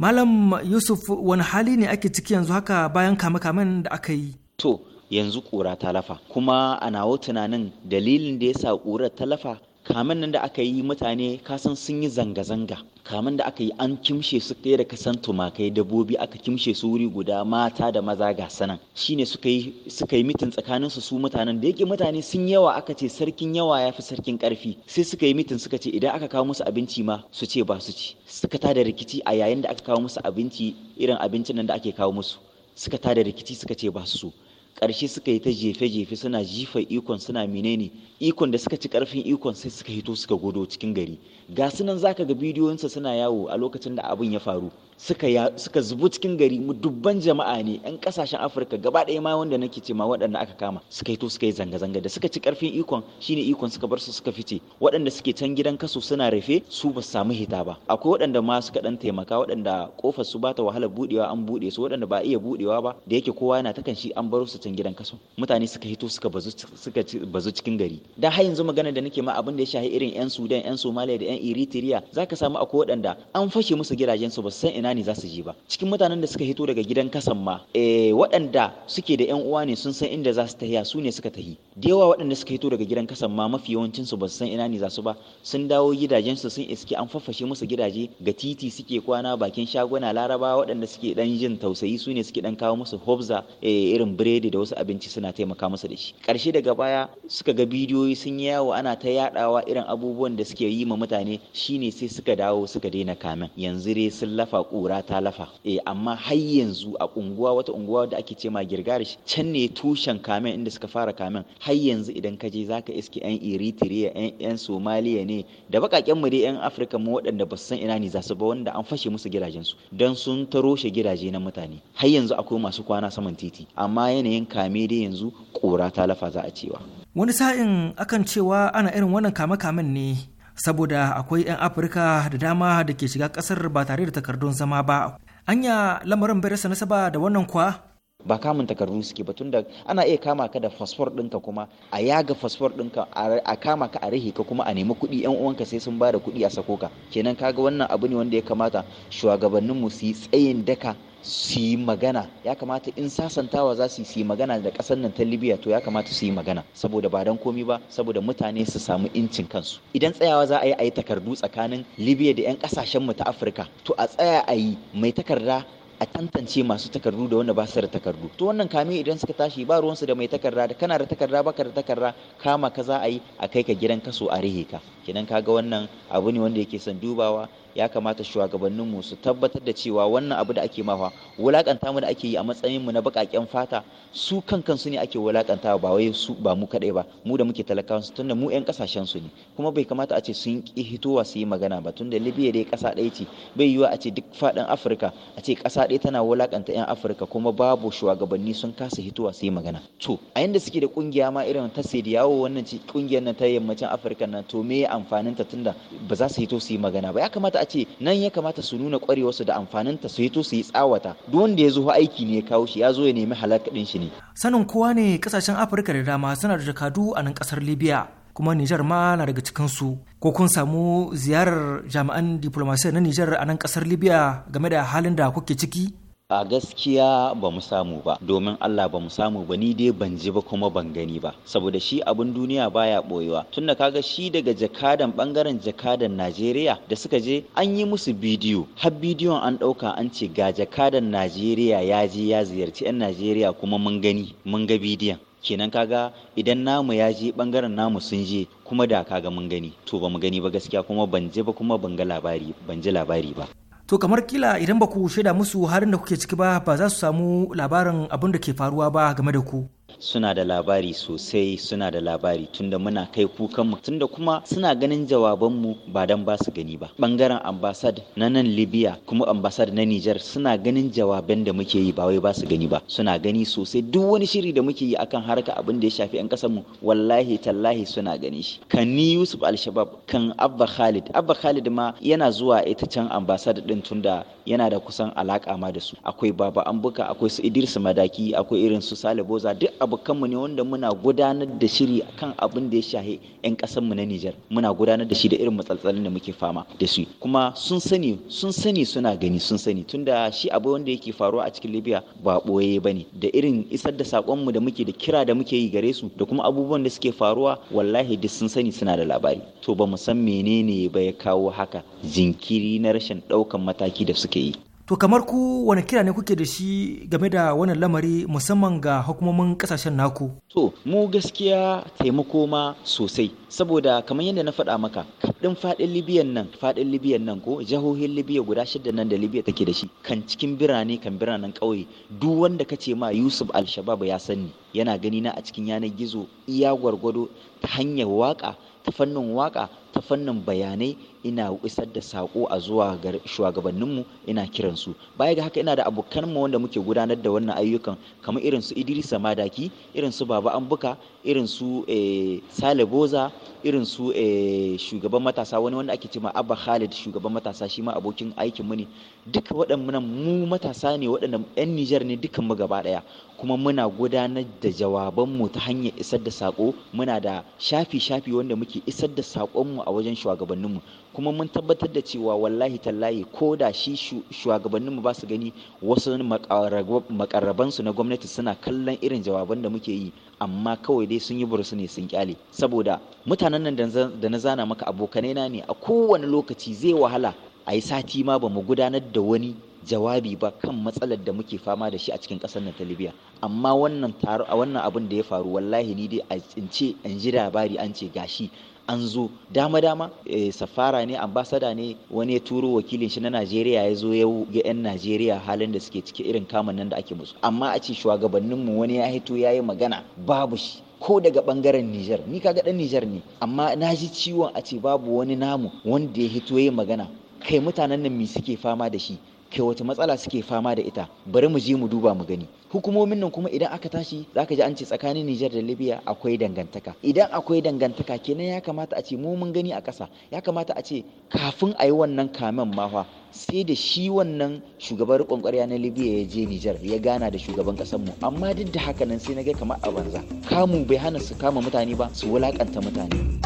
Malam Yusuf wani hali ne ake ciki yanzu haka bayan kame-kamen da aka yi? To, yanzu ƙura ta lafa kuma a nawo tunanin dalilin da ya sa ƙurar ta lafa kamin nan da aka yi mutane kasan sun yi zanga-zanga kamin da aka yi an kimshe su kai da kasan tumakai dabbobi aka kimshe su wuri guda mata da maza ga sanan shine suka yi suka yi mitin tsakanin su su mutanen da yake mutane sun yawa aka ce sarkin yawa ya fi sarkin karfi sai suka yi mitin suka ce idan aka kawo musu abinci ma su ce ba su ci suka tada rikici a yayin da aka kawo musu abinci irin abincin nan da ake kawo musu suka tada rikici suka ce ba su so ƙarshe suka yi ta jefe-jefe suna jifa ikon suna menene ikon da suka ci ƙarfin ikon sai suka hito suka godo cikin gari ga sunan zaka ga bidiyoyinsa suna yawo a lokacin da abin ya faru suka zubu cikin gari mu dubban jama'a ne yan kasashen afirka gaba ɗaya ma wanda nake ce ma waɗanda aka kama suka yi to suka yi zanga-zanga da suka ci karfin ikon shine ikon suka bar su suka fice waɗanda suke can gidan kaso suna rufe su ba samu hita ba akwai waɗanda ma suka dan taimaka waɗanda kofar su bata wahalar budewa an bude su waɗanda ba iya budewa ba da yake kowa yana takan shi an bar su can gidan kaso mutane suka hito suka bazu suka bazu cikin gari da har yanzu magana da nake ma abin da ya shahi irin yan Sudan yan Somalia da yan Eritrea zaka samu akwai waɗanda an fashe musu gidajen su ba san ina ina ne za su je ba cikin mutanen da suka hito daga gidan kasan ma eh waɗanda suke da yan uwa ne sun san inda za su tahiya su ne suka tahi da yawa waɗanda suka hito daga gidan kasan ma mafi yawancin su ba su san ina ne za su ba sun dawo gidajen su sun iske an faffashe musu gidaje ga titi suke kwana bakin shaguna laraba waɗanda suke dan jin tausayi su ne suke dan kawo musu hobza eh, irin biredi da wasu abinci suna taimaka musu da shi Karshe daga baya suka ga bidiyoyi sun yi yawo ana ta yadawa irin abubuwan da suke yi ma mutane shine sai suka dawo suka daina kamen yanzu sun lafa ƙura ta lafa eh amma har yanzu a unguwa wata unguwa da ake ce ma girgarish can ne tushen kamen inda suka fara kamen har yanzu idan ka je zaka iske yan eritrea yan yan somaliya ne da bakaken mu dai yan afirka mu waɗanda ba su san ina ne za su ba wanda an fashe musu gidajen su dan sun shi gidaje na mutane har yanzu akwai masu kwana saman titi amma yanayin kame dai yanzu ƙura ta lafa za a cewa wani sa'in akan cewa ana irin wannan kame-kamen ne saboda akwai 'yan afirka da dama da ke shiga kasar ba tare da takardun zama ba anya lamarin bai rasa nasaba da wannan kuwa ba kamun takardun suke ba tunda ana iya kama ka da fasfor ɗinka kuma a yaga fasfor ɗinka a kama ka a rahe ka kuma a nemi kuɗi yan uwanka sai sun bada kuɗi a sako ka kenan kaga wannan abu ne wanda ya kamata shugabanninmu su yi tsayin daka su yi magana ya kamata in sasantawa za su yi magana da ƙasar nan ta libya to ya kamata su yi magana saboda ba don komi ba saboda mutane su samu incin kansu idan tsayawa za a yi a yi takardu tsakanin libya da 'yan ƙasashen mu ta afirka to a tsaya a yi mai takarda a tantance masu takardu da wanda ba su da takardu to wannan kame idan suka tashi ba ruwansu da mai takarda da kana da takarda baka da takarda kama ka za a yi a kai ka gidan kaso a rihe ka kenan kaga wannan abu ne wanda yake son dubawa ya kamata shugabanninmu su tabbatar da cewa wannan abu da ake mawa wulakanta mu da ake yi a matsayin mu na bakaken fata su kankan su ne ake wulakanta ba wai su ba mu kadai ba mu da muke talakawa su tunda mu 'yan kasashen su ne kuma bai kamata a ce sun ki hitowa su yi magana ba tunda Libya dai kasa ɗaya ce bai yiwa a ce duk fadin Afirka a ce kasa ɗaya tana wulakanta 'yan Afirka kuma babu shugabanni sun kasa hitowa su yi magana to a yanda suke da kungiya ma irin ta yawo wannan kungiyar nan ta yammacin Afirka nan to me amfanin ta tunda ba za su hito su yi magana ba ya kamata a ce nan ya kamata su nuna su da amfanin ta su to su yi tsawata duk wanda ya zo aiki ne ya kawo shi ya zo ya nemi ɗin shi ne. sanin kowa ne kasashen afirka da dama suna da jakadu a nan kasar libya kuma nijar ma na daga cikinsu ko kun samu ziyarar jami'an diplomasiyya na nijar a nan kasar libya game da halin da kuke ciki a gaskiya ba mu samu ba domin Allah ba mu samu ba ni dai ban ji ba kuma ban gani ba saboda shi abun duniya baya boyewa tunda kaga shi daga jakadan bangaren jakadan Najeriya da suka je an yi musu bidiyo har bidiyon an dauka an ce ga jakadan Najeriya ya je ya ziyarci 'yan Najeriya kuma mun gani mun ga bidiyon kenan kaga idan namu ya je bangaren namu sun je kuma da kaga mun gani to ba mu gani ba gaskiya kuma ban je ba kuma ban ga labari ban ji labari ba to kamar kila idan ba ku shaida musu halin da kuke ciki ba ba za su samu labarin abin da ke faruwa ba game da ku suna da labari sosai suna da labari tunda muna kai kukanmu tunda kuma suna ganin jawabanmu ba dan ba su gani ba bangaren ambasad na nan libya kuma ambasad na niger suna ganin jawaban da muke yi ba wai ba su gani ba suna gani sosai duk wani shiri da muke yi akan harka abin da ya shafi 'yan mu wallahi tallahi suna gani shi kan ni yusuf al-shabab kan abba khalid abba khalid ma yana zuwa ita can ambasad din tunda yana da kusan alaka ma da su akwai baba ambuka akwai su idris madaki akwai irin su sale boza duk abokanmu ne wanda muna gudanar da shiri kan abin da ya shahe 'yan ƙasarmu na Nijar muna gudanar da shi da irin matsaltsalin da muke fama da su kuma sun sani sun sani suna gani sun sani tunda shi abu wanda yake faruwa a cikin Libya ba ɓoye ba ne da irin isar da saƙonmu da muke da kira da muke yi gare su da kuma abubuwan da suke faruwa wallahi duk sun sani suna da labari to ba mu san menene ba ya kawo haka jinkiri na rashin ɗaukan mataki da suke yi To kamar ku wani kira ne kuke da shi game da wannan lamari musamman ga hukumomin kasashen naku? To mu gaskiya taimako ma sosai saboda kamar yadda na faɗa maka kaɗin faɗin Libiyan nan faɗin Libyan nan ko jihohin Libya guda shida nan da Libya take da shi kan cikin birane kan biranen ƙauye duk wanda ka ce ma Yusuf al ya sani yana gani na a cikin yanar gizo iya gwargwado ta hanyar waƙa, ta fannin waƙa, ta fannin bayanai ina isar da sako a zuwa ga shugabanninmu ina kiransu baya ga haka ina da abokan mu wanda muke gudanar da wannan ayyukan kamar irin su Idrisa Madaki irin su Baba Ambuka irin su eh, Sale Boza irin su eh, shugaban matasa wani wanda ake cewa Abba Khalid shugaban matasa shi ma abokin aikin mu ne duka waɗannan mu matasa ne waɗannan 'yan Nijar ne dukan mu gaba ɗaya kuma muna gudanar da jawabanmu ta hanyar isar da sako muna da shafi-shafi wanda muke isar da sakon mu a wajen shugabanninmu kuma mun tabbatar da cewa wallahi tallahi ko da shi shugabannin mu ba su gani wasu makarraban su na gwamnati suna kallon irin jawaban da muke yi amma kawai dai sun yi burusu ne sun kyale saboda mutanen nan da na zana maka abokanai na ne a kowane lokaci zai wahala a yi sati ma ba mu gudanar da wani jawabi ba kan matsalar da muke fama da shi a cikin kasar nan ta Libya amma wannan taro abin da ya faru wallahi ni dai a tsince an ji labari an ce gashi an zo dama dama eh, safara ne ambasada ne wani ya turo wakilin shi na Najeriya ya zo ya yan Najeriya halin da suke ciki irin kamun nan da ake musu amma a ce shugabanninmu wani ya hito ya yi magana babu shi ko daga bangaren Nijar ni kaga dan Nijar ne amma na ji ciwon a ce babu wani namu wanda ya hito ya yi magana kai mutanen nan me suke fama da shi ke wata matsala suke fama da ita bari mu je mu duba mu gani hukumomin nan kuma idan aka tashi za ka ji an ce tsakanin Nijar da Libya akwai dangantaka idan akwai dangantaka kenan ya kamata a ce mu mun gani a ƙasa ya kamata a ce kafin a yi wannan kamen mawa. sai da shi wannan shugaban riƙon ƙwarya na Libya ya je Nijar ya gana da shugaban ƙasar mu amma duk da haka nan sai na ga kamar a banza kamu bai hana su kama mutane ba su wulakanta mutane.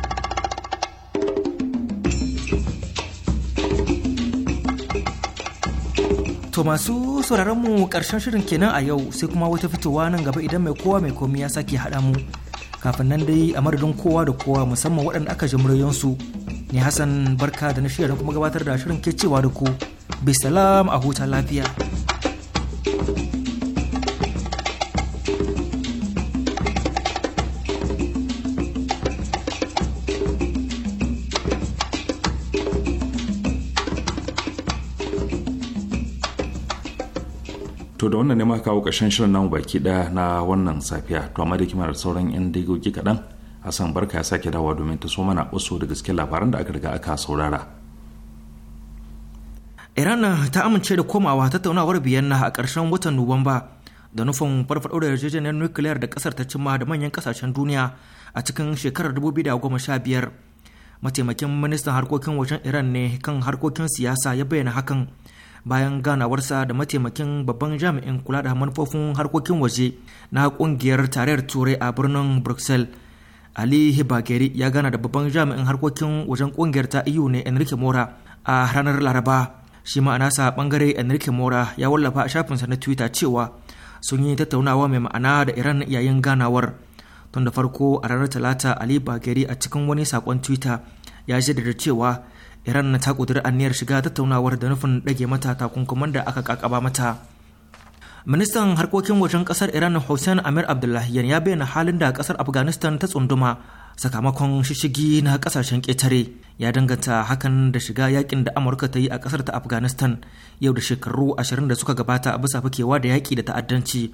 To masu sauraron mu karshen shirin kenan a yau sai kuma wata fitowa nan gaba idan mai kowa mai komi ya sake haɗa mu. Kafin nan dai a madadin kowa da kowa musamman waɗanda aka ji muryoyinsu. ne Hassan barka da na shirya kuma gabatar da shirin ke cewa da ku. Bisalam a huta lafiya. to da wannan ne ma kawo ƙarshen shirin namu baki daya na wannan safiya to amma da kimar sauran 'yan daigoki kaɗan hassan barka ya sake dawowa domin ta so mana wasu da gaske labaran da aka riga aka saurara iran ta amince da komawa tattaunawar biyanna a ƙarshen watan nuwamba da nufin farfaɗo da yarjejeniyar nukiliyar da ƙasar ta cimma da manyan ƙasashen duniya a cikin shekarar 2015 mataimakin ministan harkokin wajen iran ne kan harkokin siyasa ya bayyana hakan bayan ganawarsa da mataimakin babban jami'in kula da manufofin harkokin waje na kungiyar tarayyar turai a birnin bruxelles ali hibageri ya gana da babban jami'in harkokin wajen kungiyar ta iyu e ne enrique mora a ranar laraba shi ma'ana sa bangare enrique mora ya wallafa a shafinsa na twitter cewa sun yi tattaunawa mai ma'ana da iran yayin ganawar tun da farko a ranar talata ali bageri a cikin wani sakon twitter ya jaddada cewa iran ta ƙudiri aniyar shiga tattaunawar da nufin ɗage mata takunkuman da aka kakaba mata ministan harkokin wajen ƙasar iran hussein amir abdullahiyan ya bayyana halin da kasar afghanistan ta tsunduma sakamakon shishigi na ƙasashen ƙetare ya danganta hakan da shiga yakin da amurka ta yi a ƙasar ta afghanistan yau da shekaru ashirin da suka gabata bisa fakewa da yaƙi da ta'addanci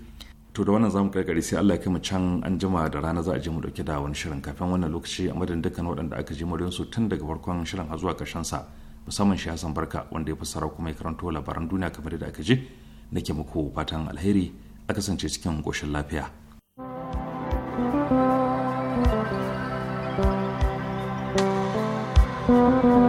to da wannan zamu karkare sai Allah ya mu can an jima da rana za a je mu dauke da wani shirin kafin wannan lokaci a madadin dukkan waɗanda aka ji muryoyin su tun daga farkon shirin har zuwa karshen sa musamman shi Hassan Barka wanda ya fassara kuma ya karanto labaran duniya kamar da aka ji nake muku fatan alheri a kasance cikin ƙoshin lafiya. thank you